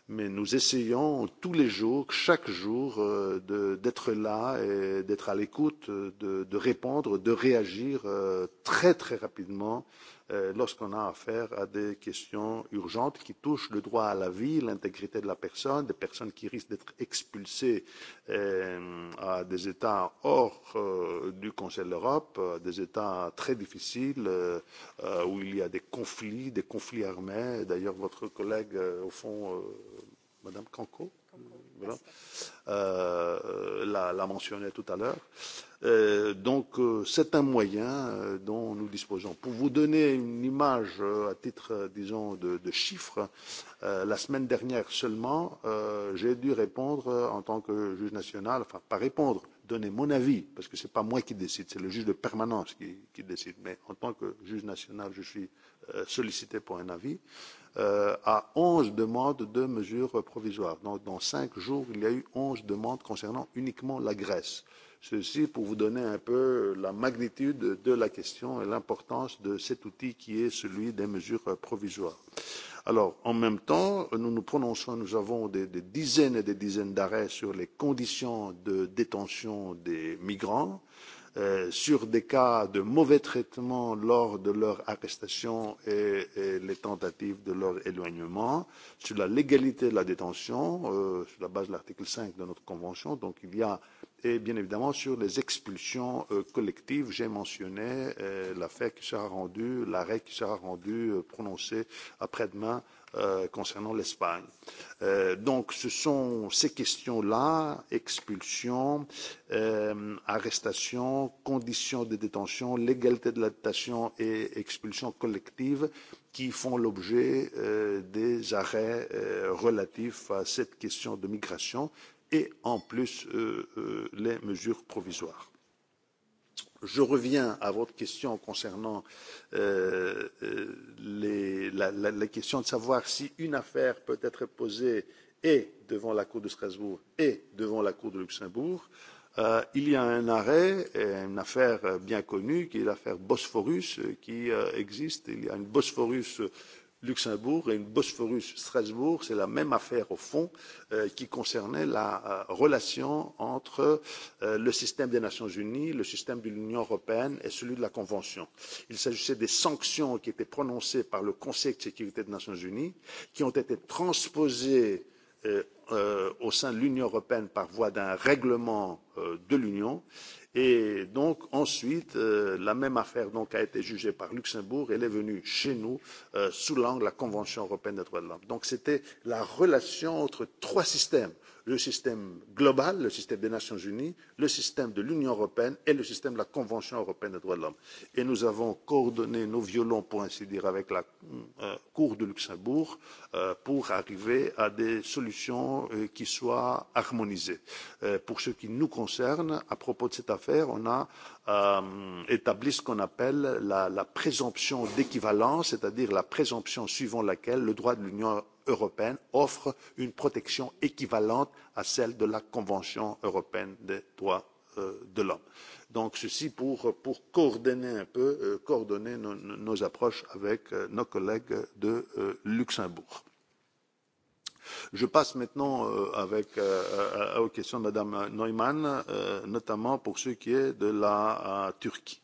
mais nous essayons tous les jours, chaque jour, euh, d'être là et d'être à l'écoute, euh, de, de répondre, de réagir euh, très très rapidement Euh, lorsqu'on a affaire à des questions urgentes qui touchent le droit à la vie, l'intégrité de la personne, des personnes qui risquent d'être expulsées euh, à des États hors euh, du Conseil de l'Europe, des États très difficiles euh, euh, où il y a des conflits, des conflits armés. D'ailleurs, votre collègue, euh, au fond, euh, Madame Canco, voilà, euh, l'a, mentionné tout à l'heure. Euh, donc euh, c'est un moyen euh, dont nous disposons. Pour vous donner une image euh, à titre, euh, disons, de, de chiffres, euh, la semaine dernière seulement, euh, j'ai dû répondre euh, en tant que juge national, enfin pas répondre, donner mon avis, parce que ce n'est pas moi qui décide, c'est le juge de permanence qui, qui décide, mais en tant que juge national, je suis euh, sollicité pour un avis, euh, à 11 demandes de mesures provisoires. Donc, dans 5 jours, il y a eu 11 demandes concernant uniquement la Grèce. Ceci pour vous donner un peu la magnitude de la question et l'importance de cet outil qui est celui des mesures provisoires. Alors, en même temps, nous nous prononçons, nous avons des, des dizaines et des dizaines d'arrêts sur les conditions de détention des migrants. Euh, Euh, sur des cas de mauvais traitement lors de leur arrestation et, et les tentatives de leur éloignement, sur la légalité de la détention, euh, sur la base de l'article 5 de notre convention. Donc il y a, et bien évidemment, sur les expulsions euh, collectives, j'ai mentionné euh, l'affaire qui sera rendue, l'arrêt qui sera rendu, euh, prononcé après-demain Euh, concernant l'Espagne. Euh, donc ce sont ces questions-là, expulsion, euh, arrestation, conditions de détention, légalité de la détention et expulsion collective qui font l'objet euh, des arrêts euh, relatifs à cette question de migration et en plus euh, euh, les mesures provisoires je reviens à votre question concernant euh, euh, les, la, la, la question de savoir si une affaire peut être posée et devant la Cour de Strasbourg et devant la Cour de Luxembourg. Euh, il y a un arrêt, et une affaire bien connue, qui est l'affaire Bosphorus, euh, qui euh, existe. Il y a une Bosphorus Luxembourg et une Bosphorus-Strasbourg. C'est la même affaire au fond euh, qui concernait la euh, relation entre euh, le système des Nations Unies, le système de l'Union européenne et celui de la Convention. Il s'agissait des sanctions qui étaient prononcées par le Conseil de sécurité des Nations Unies, qui ont été transposées euh, euh, au sein de l'Union européenne par voie d'un règlement euh, de l'Union. Et donc ensuite, euh, la même affaire donc, a été jugée par Luxembourg. Elle est venue chez nous euh, sous l'angle de la Convention européenne des droits de l'homme. Donc c'était la relation entre trois systèmes le système global, le système des Nations Unies, le système de l'Union européenne et le système de la Convention européenne des droits de l'homme. Et nous avons coordonné nos violons, pour ainsi dire, avec la euh, Cour de Luxembourg euh, pour arriver à des solutions euh, qui soient harmonisées. Euh, pour ce qui nous concerne, à propos de cette affaire, on a euh, établi ce qu'on appelle la, la présomption d'équivalence, c'est-à-dire la présomption suivant laquelle le droit de l'Union européenne offre une protection équivalente à celle de la Convention européenne des droits euh, de l'homme. Donc ceci pour, pour coordonner un peu, euh, coordonner nos, nos approches avec euh, nos collègues de Luxembourg. Je passe maintenant avec, aux questions de Mme Neumann, notamment pour ce qui est de la Turquie.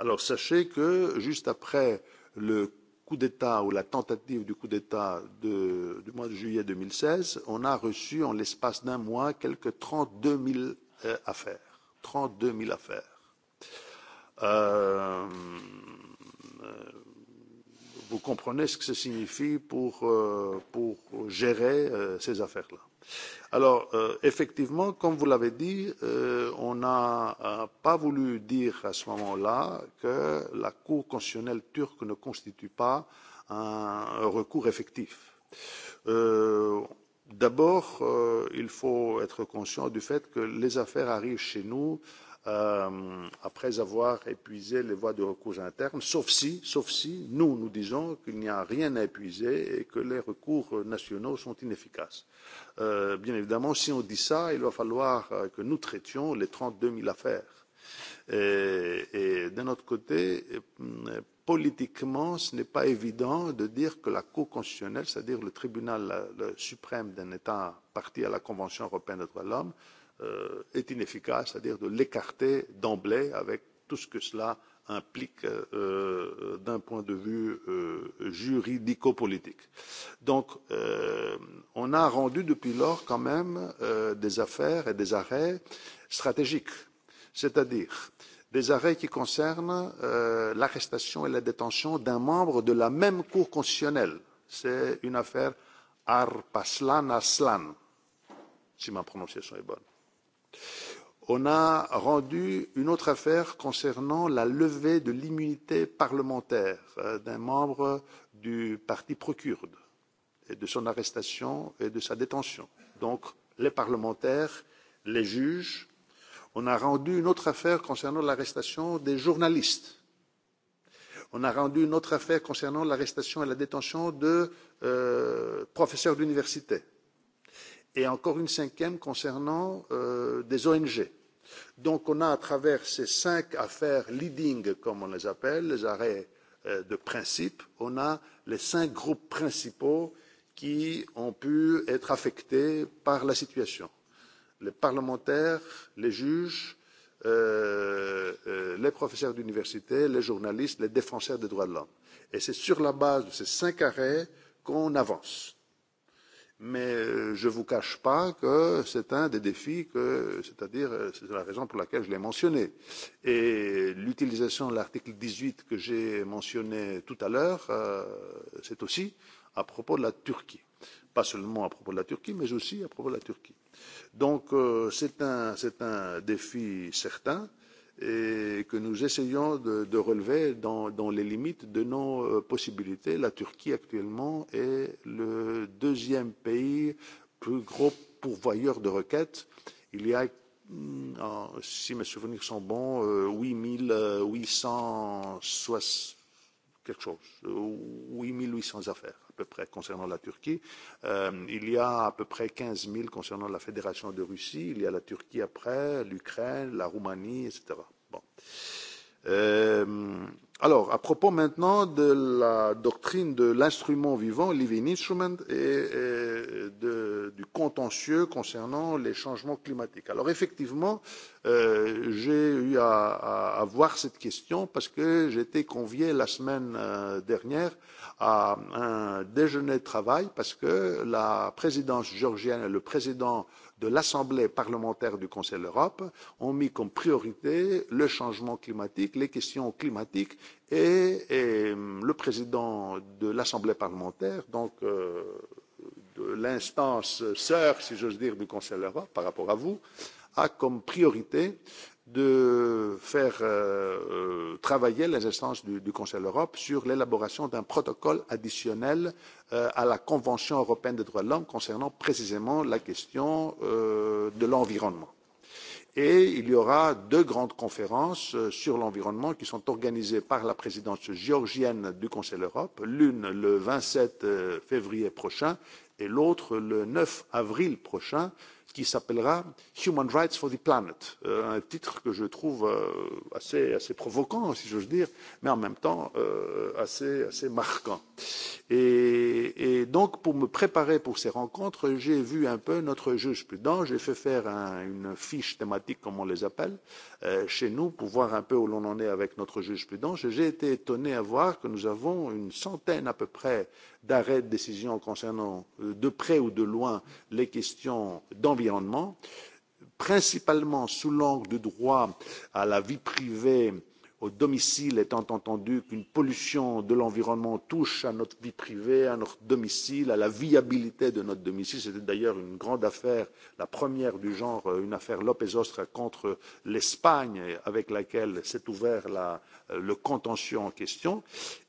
Alors sachez que juste après le coup d'État ou la tentative du coup d'État du mois de juillet 2016, on a reçu en l'espace d'un mois quelques 32 000 euh, affaires. 32 000 affaires. Euh, euh, vous comprenez ce que ça signifie pour, euh, pour gérer euh, ces affaires-là. Alors, euh, effectivement, comme vous l'avez dit, euh, on n'a euh, pas voulu dire à ce moment-là que la Cour constitutionnelle turque ne constitue pas un, un recours effectif. Euh, D'abord, euh, il faut être conscient du fait que les affaires arrivent chez nous euh, après avoir épuisé les voies de recours internes, sauf si, sauf si nous, nous disons qu'il n'y a rien à épuiser et que les recours nationaux sont inefficaces. Euh, bien évidemment, si on dit ça, il va falloir euh, que nous traitions les 32 000 affaires. Et, et d'un autre côté, euh, politiquement, ce n'est pas évident de dire que la Cour constitutionnelle, c'est-à-dire le tribunal euh, le, suprême d'un État parti à la Convention européenne des droits de l'homme, euh, est inefficace, c'est-à-dire de l'écarter d'emblée avec tout ce que cela implique euh, euh, d'un point de vue euh, juridico-politique. Donc, euh, on a rendu depuis lors quand même euh, des affaires et des arrêts stratégiques, c'est-à-dire des arrêts qui concernent euh, l'arrestation et la détention d'un membre de la même Cour constitutionnelle. C'est une affaire Arpaslan Aslan, si ma prononciation est bonne On a rendu une autre affaire concernant la levée de l'immunité parlementaire euh, d'un membre du parti pro-kurde et de son arrestation et de sa détention. Donc, les parlementaires, les juges. On a rendu une autre affaire concernant l'arrestation des journalistes. On a rendu une autre affaire concernant l'arrestation et la détention de euh, professeurs d'université et encore une cinquième concernant euh, des ONG. Donc on a à travers ces cinq affaires leading, comme on les appelle, les arrêts euh, de principe, on a les cinq groupes principaux qui ont pu être affectés par la situation. Les parlementaires, les juges, euh, euh, les professeurs d'université, les journalistes, les défenseurs des droits de l'homme. Et c'est sur la base de ces cinq arrêts qu'on avance. Mais euh, je ne vous cache pas que c'est un des défis, c'est-à-dire c'est la raison pour laquelle je l'ai mentionné. Et l'utilisation de l'article 18 que j'ai mentionné tout à l'heure, euh, c'est aussi à propos de la Turquie. Pas seulement à propos de la Turquie, mais aussi à propos de la Turquie. Donc euh, c'est, un, un défi certain et que nous essayons de, de relever dans, dans les limites de nos euh, possibilités. La Turquie actuellement est le deuxième pays plus gros pourvoyeur de requêtes. Il y a, mm, si mes souvenirs sont bons, 8800, euh, euh, quelque chose, 8800 euh, affaires à peu près concernant la Turquie. Euh, il y a à peu près 15 000 concernant la Fédération de Russie. Il y a la Turquie après, l'Ukraine, la Roumanie, etc. Bon. Euh, Alors, à propos maintenant de la doctrine de l'instrument vivant, living instrument, et, et de, du contentieux concernant les changements climatiques. Alors, effectivement, euh, j'ai eu à, à, à voir cette question parce que j'ai été convié la semaine euh, dernière à un déjeuner de travail parce que la présidence géorgienne et le président euh, de l'Assemblée parlementaire du Conseil de l'Europe ont mis comme priorité le changement climatique, les questions climatiques et, et le président de l'Assemblée parlementaire, donc euh, de l'instance sœur, si j'ose dire, du Conseil de l'Europe par rapport à vous, a comme priorité euh, de faire euh, euh, travailler les instances du, du Conseil de l'Europe sur l'élaboration d'un protocole additionnel euh, à la Convention européenne des droits de l'homme concernant précisément la question euh, de l'environnement. Et il y aura deux grandes conférences euh, sur l'environnement qui sont organisées par la présidence géorgienne du Conseil de l'Europe, l'une le 27 euh, février prochain et l'autre le 9 avril prochain, qui s'appellera Human Rights for the Planet, euh, un titre que je trouve euh, assez, assez provoquant, si j'ose dire, mais en même temps euh, assez, assez marquant. Euh, Et, et donc, pour me préparer pour ces rencontres, j'ai vu un peu notre jurisprudence. J'ai fait faire un, une fiche thématique, comme on les appelle, euh, chez nous, pour voir un peu où l'on en est avec notre jurisprudence. Et j'ai été étonné à voir que nous avons une centaine à peu près d'arrêts de décision concernant euh, de près ou de loin les questions d'environnement, principalement sous l'angle du droit à la vie privée euh, au domicile, étant entendu qu'une pollution de l'environnement touche à notre vie privée, à notre domicile, à la viabilité de notre domicile. C'était d'ailleurs une grande affaire, la première du genre, euh, une affaire Lopez Ostra contre l'Espagne, avec laquelle s'est ouvert la, euh, le contentieux en question,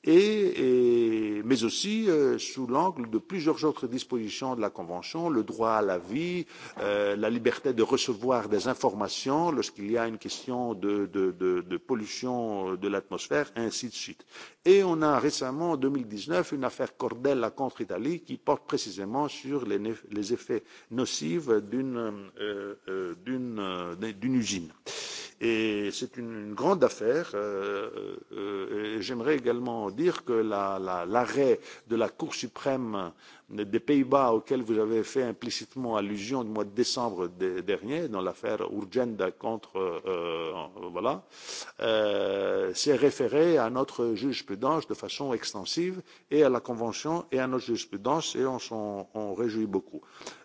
et, et, mais aussi euh, sous l'angle de plusieurs autres dispositions de la Convention, le droit à la vie, euh, la liberté de recevoir des informations lorsqu'il y a une question de, de, de, de pollution pollution euh, de l'atmosphère, ainsi de suite. Et on a récemment, en 2019, une affaire Cordella contre Italie qui porte précisément sur les, les effets nocifs d'une euh, euh, euh, usine. Et c'est une, une grande affaire. Euh, euh, J'aimerais également dire que l'arrêt la, la, de la Cour suprême des Pays-Bas auxquels vous avez fait implicitement allusion au mois de décembre de, dernier dans l'affaire Urgenda contre euh, euh voilà euh, s'est référé à notre jurisprudence de façon extensive et à la Convention et à notre jurisprudence et on s'en réjouit beaucoup.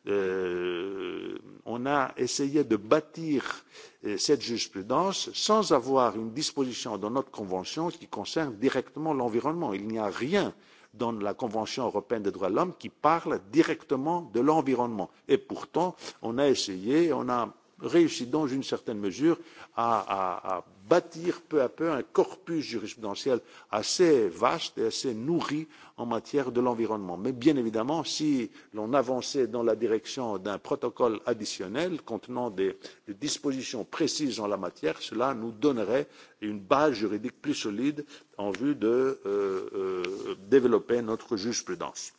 Euh, on a essayé de bâtir euh, cette jurisprudence sans avoir une disposition dans notre Convention qui concerne directement l'environnement. Il n'y a rien euh, dans la Convention européenne des droits de l'homme qui parle directement de l'environnement. Et pourtant, on a essayé, on a réussi dans une certaine mesure à, à, à bâtir peu à peu un corpus jurisprudentiel assez vaste et assez nourri en matière de l'environnement. Mais bien évidemment, si l'on avançait dans la direction d'un protocole additionnel contenant des, des dispositions précises en la matière, cela nous donnerait une base juridique plus solide en vue de euh, euh, développer notre jurisprudence.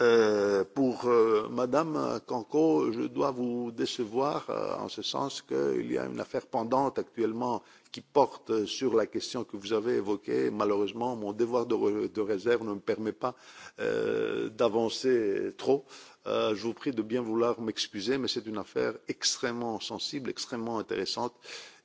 Euh, pour euh, Madame Kanko, je dois vous décevoir euh, en ce sens qu'il y a une affaire pendante actuellement qui porte sur la question que vous avez évoquée. Malheureusement, mon devoir de, re de réserve ne me permet pas euh, d'avancer trop. Euh, je vous prie de bien vouloir m'excuser, mais c'est une affaire extrêmement sensible, extrêmement intéressante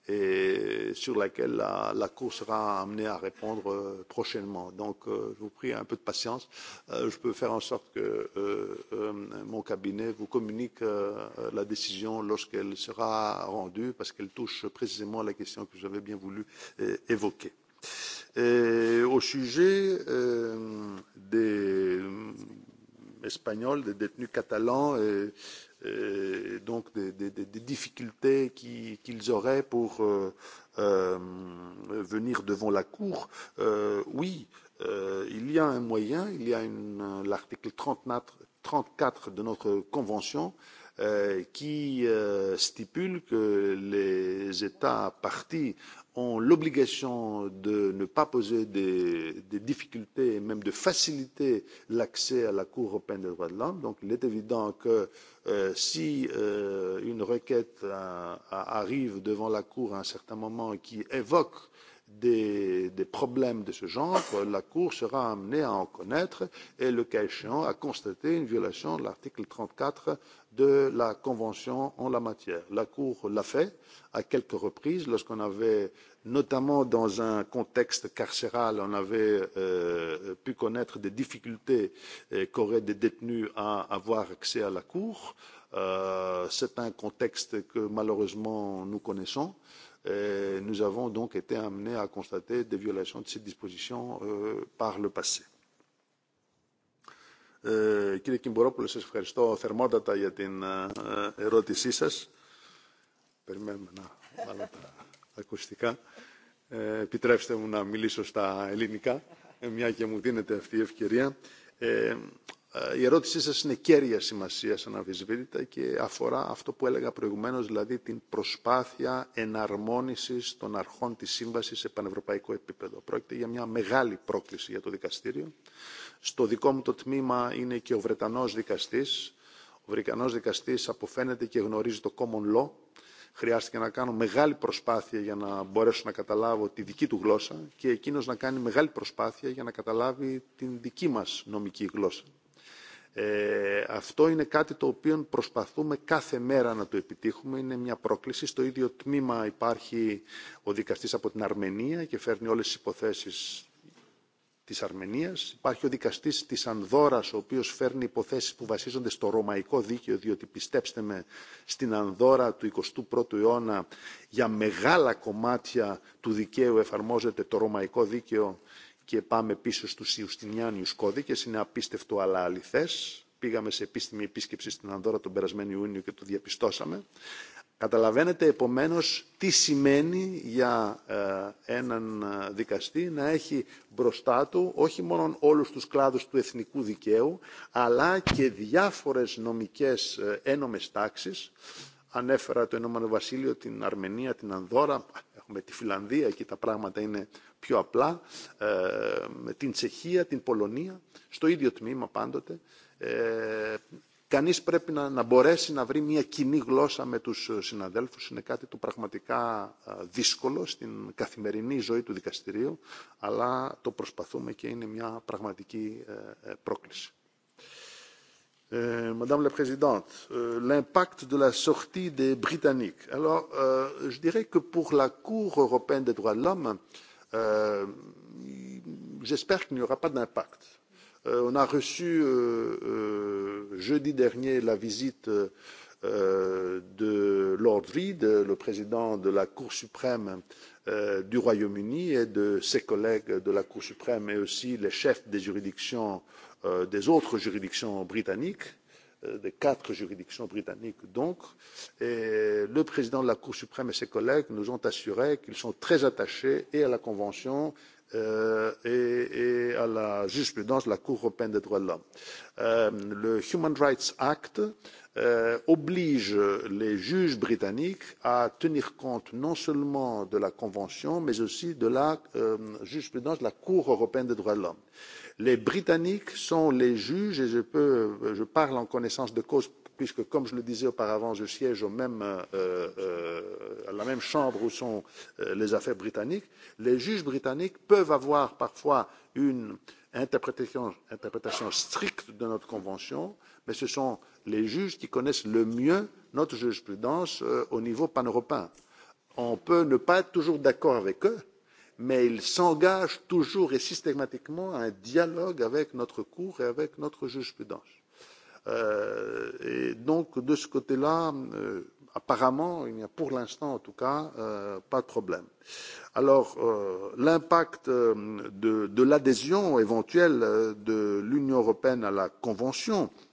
et sur laquelle la, la Cour sera amenée à répondre euh, prochainement. Donc, euh, je vous prie un peu de patience. Euh, je peux faire en sorte que euh, euh, mon cabinet vous communique euh, la décision lorsqu'elle sera rendue, parce qu'elle touche précisément à la question que j'avais bien voulu euh, évoquer. Et au sujet euh, des Espagnols, des détenus catalans, et, euh, donc des, des, des des difficultés qu'ils qu auraient pour euh, euh, venir devant la Cour, euh, oui, euh, il y a un moyen, il y a euh, l'article 34 de notre Convention euh, qui euh, stipule que les États partis ont l'obligation de ne pas poser des, des difficultés et même de faciliter l'accès à la Cour européenne des droits de l'homme. Donc il est évident que euh, si euh, une requête euh, arrive devant la Cour à un certain moment qui évoque des, des problèmes de ce genre, la Cour sera amenée à en connaître et, le cas échéant, à constater une violation de l'article 34 de la Convention en la matière. La Cour l'a fait à quelques reprises lorsqu'on avait notamment dans un contexte carcéral. On avait euh, pu connaître des difficultés euh, qu'auraient des détenus à avoir accès à la Cour. Euh, C'est un contexte que malheureusement nous connaissons. Et nous avons donc été amenés à constater des violations de ces dispositions euh, par le passé. Ε, κύριε Κιμπορόπουλο, σας ευχαριστώ θερμότατα για την ε, ερώτησή σας. Περιμένουμε να βάλω τα ακουστικά. Ε, επιτρέψτε μου να μιλήσω στα ελληνικά, μια και μου δίνεται αυτή η ευκαιρία. Ε, η ερώτησή σας είναι κέρια σημασίας αναβεσβήτητα και αφορά αυτό που έλεγα προηγουμένως, δηλαδή την προσπάθεια εναρμόνισης των αρχών της σύμβασης σε πανευρωπαϊκό επίπεδο. Πρόκειται για μια μεγάλη πρόκληση για το δικαστήριο. Στο δικό μου το τμήμα είναι και ο Βρετανός δικαστής. Ο Βρετανός δικαστής αποφαίνεται και γνωρίζει το common law, χρειάστηκε να κάνω μεγάλη προσπάθεια για να μπορέσω να καταλάβω τη δική του γλώσσα και εκείνος να κάνει μεγάλη προσπάθεια για να καταλάβει την δική μας νομική γλώσσα. Ε, αυτό είναι κάτι το οποίο προσπαθούμε κάθε μέρα να το επιτύχουμε. Είναι μια πρόκληση. Στο ίδιο τμήμα υπάρχει ο δικαστής από την Αρμενία και φέρνει όλες τις υποθέσεις τη Αρμενία. Υπάρχει ο δικαστή τη Ανδόρας, ο οποίο φέρνει υποθέσει που βασίζονται στο ρωμαϊκό δίκαιο, διότι πιστέψτε με, στην Ανδόρα του 21ου αιώνα για μεγάλα κομμάτια του δικαίου εφαρμόζεται το ρωμαϊκό δίκαιο και πάμε πίσω στου Ιουστινιάνιου κώδικε. είναι απίστευτο αλλά αληθέ. Πήγαμε σε επίσημη επίσκεψη στην Ανδόρα τον περασμένο Ιούνιο και το διαπιστώσαμε. Καταλαβαίνετε επομένως τι σημαίνει για έναν δικαστή να έχει μπροστά του όχι μόνο όλους τους κλάδους του εθνικού δικαίου, αλλά και διάφορες νομικές ένομες τάξεις. Ανέφερα το Ενώμανο Βασίλειο, την Αρμενία, την Ανδόρα, έχουμε τη Φιλανδία, εκεί τα πράγματα είναι πιο απλά, ε, την Τσεχία, την Πολωνία, στο ίδιο τμήμα πάντοτε. Κανείς πρέπει να, να μπορέσει να βρει μια κοινή γλώσσα με τους συναδέλφους. Είναι κάτι το πραγματικά δύσκολο στην καθημερινή ζωή του δικαστηρίου, αλλά το προσπαθούμε και είναι μια πραγματική πρόκληση. Euh, Madame la Présidente, euh, l'impact de la sortie des Britanniques. Alors, euh, je dirais que pour la Cour européenne des droits de l'homme, euh, j'espère qu'il n'y aura pas d'impact Euh, Euh, on a reçu euh, euh, jeudi dernier la visite de Lord Reed, le président de la Cour suprême du Royaume-Uni et de ses collègues de la Cour suprême et aussi les chefs des juridictions des autres juridictions britanniques des quatre juridictions britanniques donc et le président de la Cour suprême et ses collègues nous ont assuré qu'ils sont très attachés et à la Convention euh, et, et à la jurisprudence de la Cour européenne des droits de l'homme. Euh, le Human Rights Act euh, oblige les juges britanniques à tenir compte non seulement de la Convention, mais aussi de la euh, jurisprudence de la Cour européenne des droits de l'homme. Les Britanniques sont les juges, et je, peux, je parle en connaissance de cause puisque comme je le disais auparavant je siège au même, euh, euh, à la même chambre où sont euh, les affaires britanniques les juges britanniques peuvent avoir parfois une interprétation, interprétation stricte de notre convention mais ce sont les juges qui connaissent le mieux notre jurisprudence euh, au niveau paneuropéen. On peut ne pas être toujours d'accord avec eux, mais ils s'engagent toujours et systématiquement à un dialogue avec notre cour et avec notre jurisprudence Euh, et donc, de ce côté-là, euh, apparemment, il n'y a pour l'instant, en tout cas, euh, pas de problème. Alors, euh, l'impact euh, de, de l'adhésion éventuelle euh, de l'Union européenne à la Convention euh,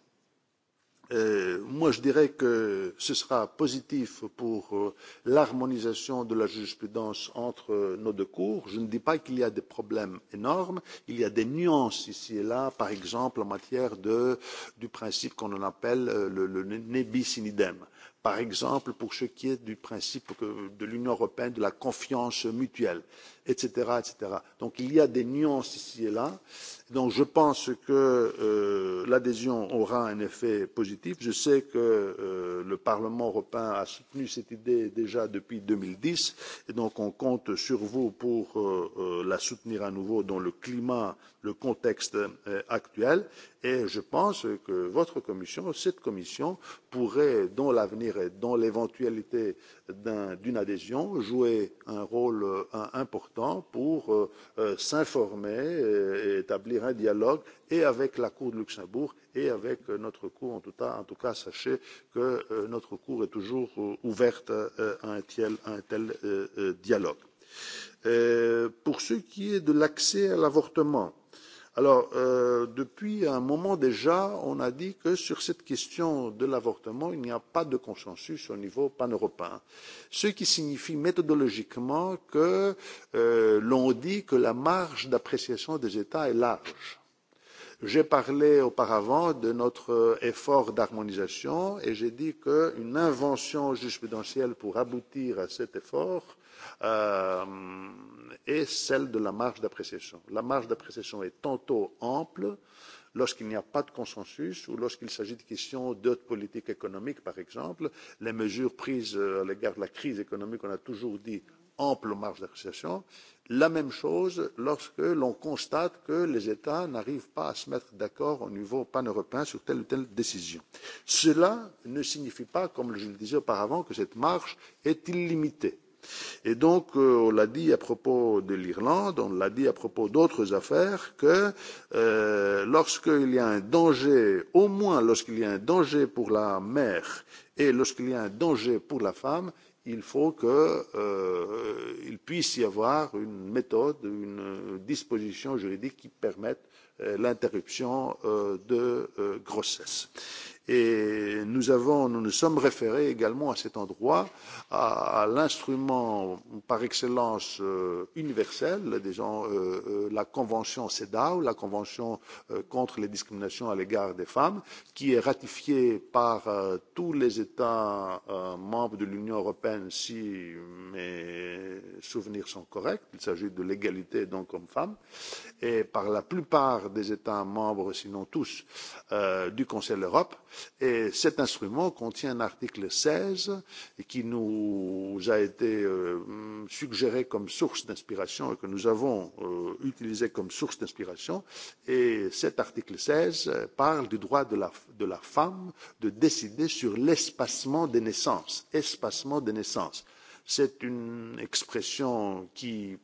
Euh, moi, je dirais que ce sera positif pour euh, l'harmonisation de la jurisprudence entre euh, nos deux cours. Je ne dis pas qu'il y a des problèmes énormes, il y a des nuances ici et là, par exemple en matière de, du principe qu'on appelle le, le nebis in idem. Par exemple, pour ce qui est du principe de l'Union européenne de la confiance mutuelle etc. etc. Donc il y a des nuances ici et là. Donc je pense que euh, l'adhésion aura un effet positif. Je sais que euh, le Parlement européen a soutenu cette idée déjà depuis 2010 et donc on compte sur vous pour euh, euh, la soutenir à nouveau dans le climat, le contexte euh, actuel. Et je pense que votre commission, cette commission, pourrait, dans l'avenir et dans l'éventualité d'une un, adhésion, jouer un rôle euh, important temps pour euh, euh s'informer et établir un dialogue et avec la Cour de Luxembourg et avec euh, notre Cour. En tout cas, en tout cas sachez que euh, notre Cour est toujours euh, ouverte euh, à un tel, à un tel euh, euh dialogue. Euh, Pour ce qui est de l'accès à l'avortement, euh, Alors, euh, depuis un moment déjà, on a dit que sur cette question de l'avortement, il n'y a pas de consensus au niveau pan-européen. Ce qui signifie méthodologiquement que euh, l'on dit que la marge d'appréciation des États est large J'ai parlé auparavant de notre effort d'harmonisation et j'ai dit qu'une invention jurisprudentielle pour aboutir à cet effort euh, est celle de la marge d'appréciation. La marge d'appréciation est tantôt ample lorsqu'il n'y a pas de consensus ou lorsqu'il s'agit de questions d'autres politique économique, par exemple. Les mesures prises euh, à l'égard de la crise économique, on a toujours dit ample marge d'association. La même chose lorsque l'on constate que les États n'arrivent pas à se mettre d'accord au niveau paneuropéen sur telle ou telle décision. Cela ne signifie pas, comme je le disais auparavant, que cette marge est illimitée. Et donc, euh, on l'a dit à propos de l'Irlande, on l'a dit à propos d'autres affaires, que euh, lorsqu'il y a un danger, au moins lorsqu'il y a un danger pour la mère et lorsqu'il y a un danger pour la femme, il faut qu'il euh, puisse y avoir une méthode, une disposition juridique qui permette euh, l'interruption euh, de euh, grossesse. Et nous, avons, nous nous sommes référés également à cet endroit à, à l'instrument par excellence euh, universel, disons euh, euh, la convention CEDAW, la convention euh, contre les discriminations à l'égard des femmes, qui est ratifiée par euh, tous les États euh, membres de l'Union européenne, si mes souvenirs sont corrects. Il s'agit de l'égalité donc hommes-femmes, et par la plupart des États membres, sinon tous, euh, du Conseil de l'Europe. Et cet instrument contient un article 16 qui nous a été euh, suggéré comme source d'inspiration et que nous avons euh, utilisé comme source d'inspiration. Et cet article 16 euh, parle du droit de la, de la femme de décider sur l'espacement des naissances. Espacement des naissances. C'est une expression qui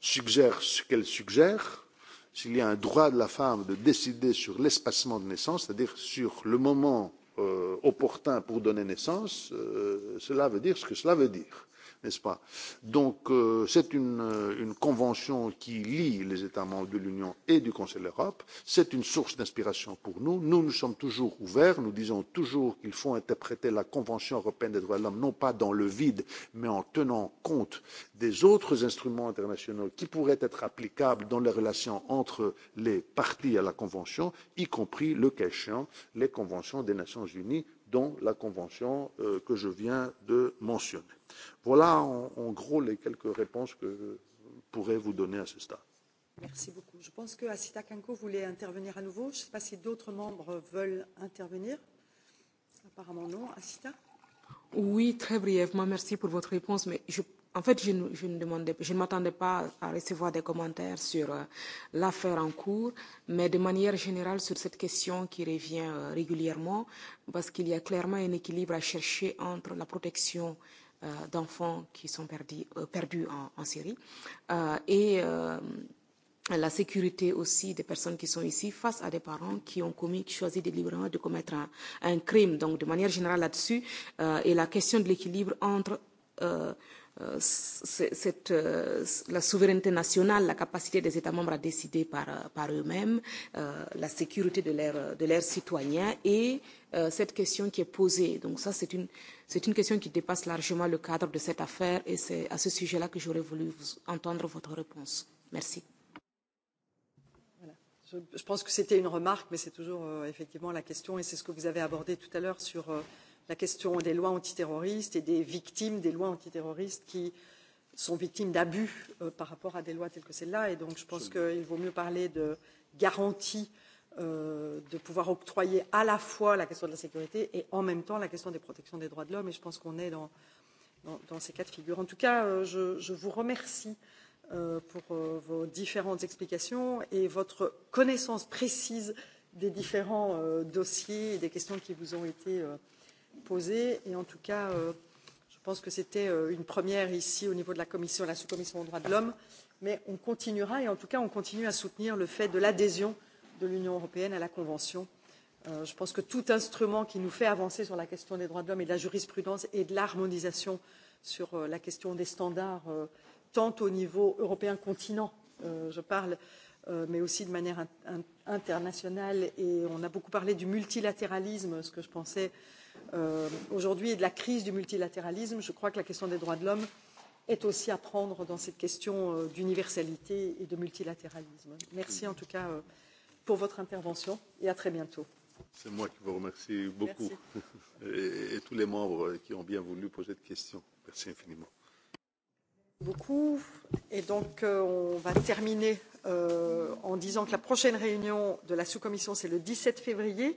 suggère ce qu'elle suggère s'il y a un droit de la femme de décider sur l'espacement de naissance, c'est-à-dire sur le moment euh, opportun pour donner naissance, euh, cela veut dire ce que cela veut dire n'est-ce pas Donc euh, c'est une, euh, une convention qui lie les États membres de l'Union et du Conseil de l'Europe. C'est une source d'inspiration pour nous. Nous, nous sommes toujours ouverts. Nous disons toujours qu'il faut interpréter la Convention européenne des droits de l'homme non pas dans le vide, mais en tenant compte des autres instruments internationaux qui pourraient être applicables dans les relations entre les parties à la Convention, y compris, le cas échéant, les conventions des Nations Unies dans la convention euh, que je viens de mentionner. Voilà en, en gros les quelques réponses que je pourrais vous donner à ce stade. Merci beaucoup. Je pense que Asita Kanko voulait intervenir à nouveau. Je ne sais pas si d'autres membres veulent intervenir. Apparemment non. Asita Oui, très brièvement. Merci pour votre réponse. Mais je En fait, je, je ne demandais, je ne m'attendais pas à recevoir des commentaires sur euh, l'affaire en cours, mais de manière générale sur cette question qui revient euh, régulièrement, parce qu'il y a clairement un équilibre à chercher entre la protection euh, d'enfants qui sont perdus, euh, perdus en, en Syrie euh, et euh, la sécurité aussi des personnes qui sont ici face à des parents qui ont commis, qui choisi délibérément de commettre un, un crime. Donc, de manière générale là-dessus, euh, et la question de l'équilibre entre euh, Euh, euh, la souveraineté nationale, la capacité des États membres à décider par, euh, par eux-mêmes, euh, la sécurité de leurs euh, de leur citoyens et euh, cette question qui est posée. Donc ça, c'est une, une question qui dépasse largement le cadre de cette affaire et c'est à ce sujet-là que j'aurais voulu vous, entendre votre réponse. Merci. Je, je pense que c'était une remarque, mais c'est toujours euh, effectivement la question et c'est ce que vous avez abordé tout à l'heure sur euh, la question des lois antiterroristes et des victimes des lois antiterroristes qui sont victimes d'abus euh, par rapport à des lois telles que celle-là. Et donc, je pense qu'il vaut mieux parler de garantie euh, de pouvoir octroyer à la fois la question de la sécurité et en même temps la question des protections des droits de l'homme. Et je pense qu'on est dans, dans, dans ces cas de figure. En tout cas, euh, je, je vous remercie euh, pour euh, vos différentes explications et votre connaissance précise des différents euh, dossiers et des questions qui vous ont été euh, posée. et en tout cas euh, je pense que c'était euh, une première ici au niveau de la commission, la sous-commission aux droits de l'homme, mais on continuera et en tout cas on continue à soutenir le fait de l'adhésion de l'Union européenne à la Convention. Euh, je pense que tout instrument qui nous fait avancer sur la question des droits de l'homme et de la jurisprudence et de l'harmonisation sur euh, la question des standards, euh, tant au niveau européen continent, euh, je parle, euh, mais aussi de manière in internationale. Et on a beaucoup parlé du multilatéralisme, ce que je pensais euh, euh, aujourd'hui et de la crise du multilatéralisme, je crois que la question des droits de l'homme est aussi à prendre dans cette question euh, d'universalité et de multilatéralisme. Merci en tout cas euh, pour votre intervention et à très bientôt. C'est moi qui vous remercie beaucoup et, et tous les membres qui ont bien voulu poser de questions. Merci infiniment. Beaucoup. Et donc, euh, on va terminer euh, en disant que la prochaine réunion de la sous-commission, c'est le 17 février.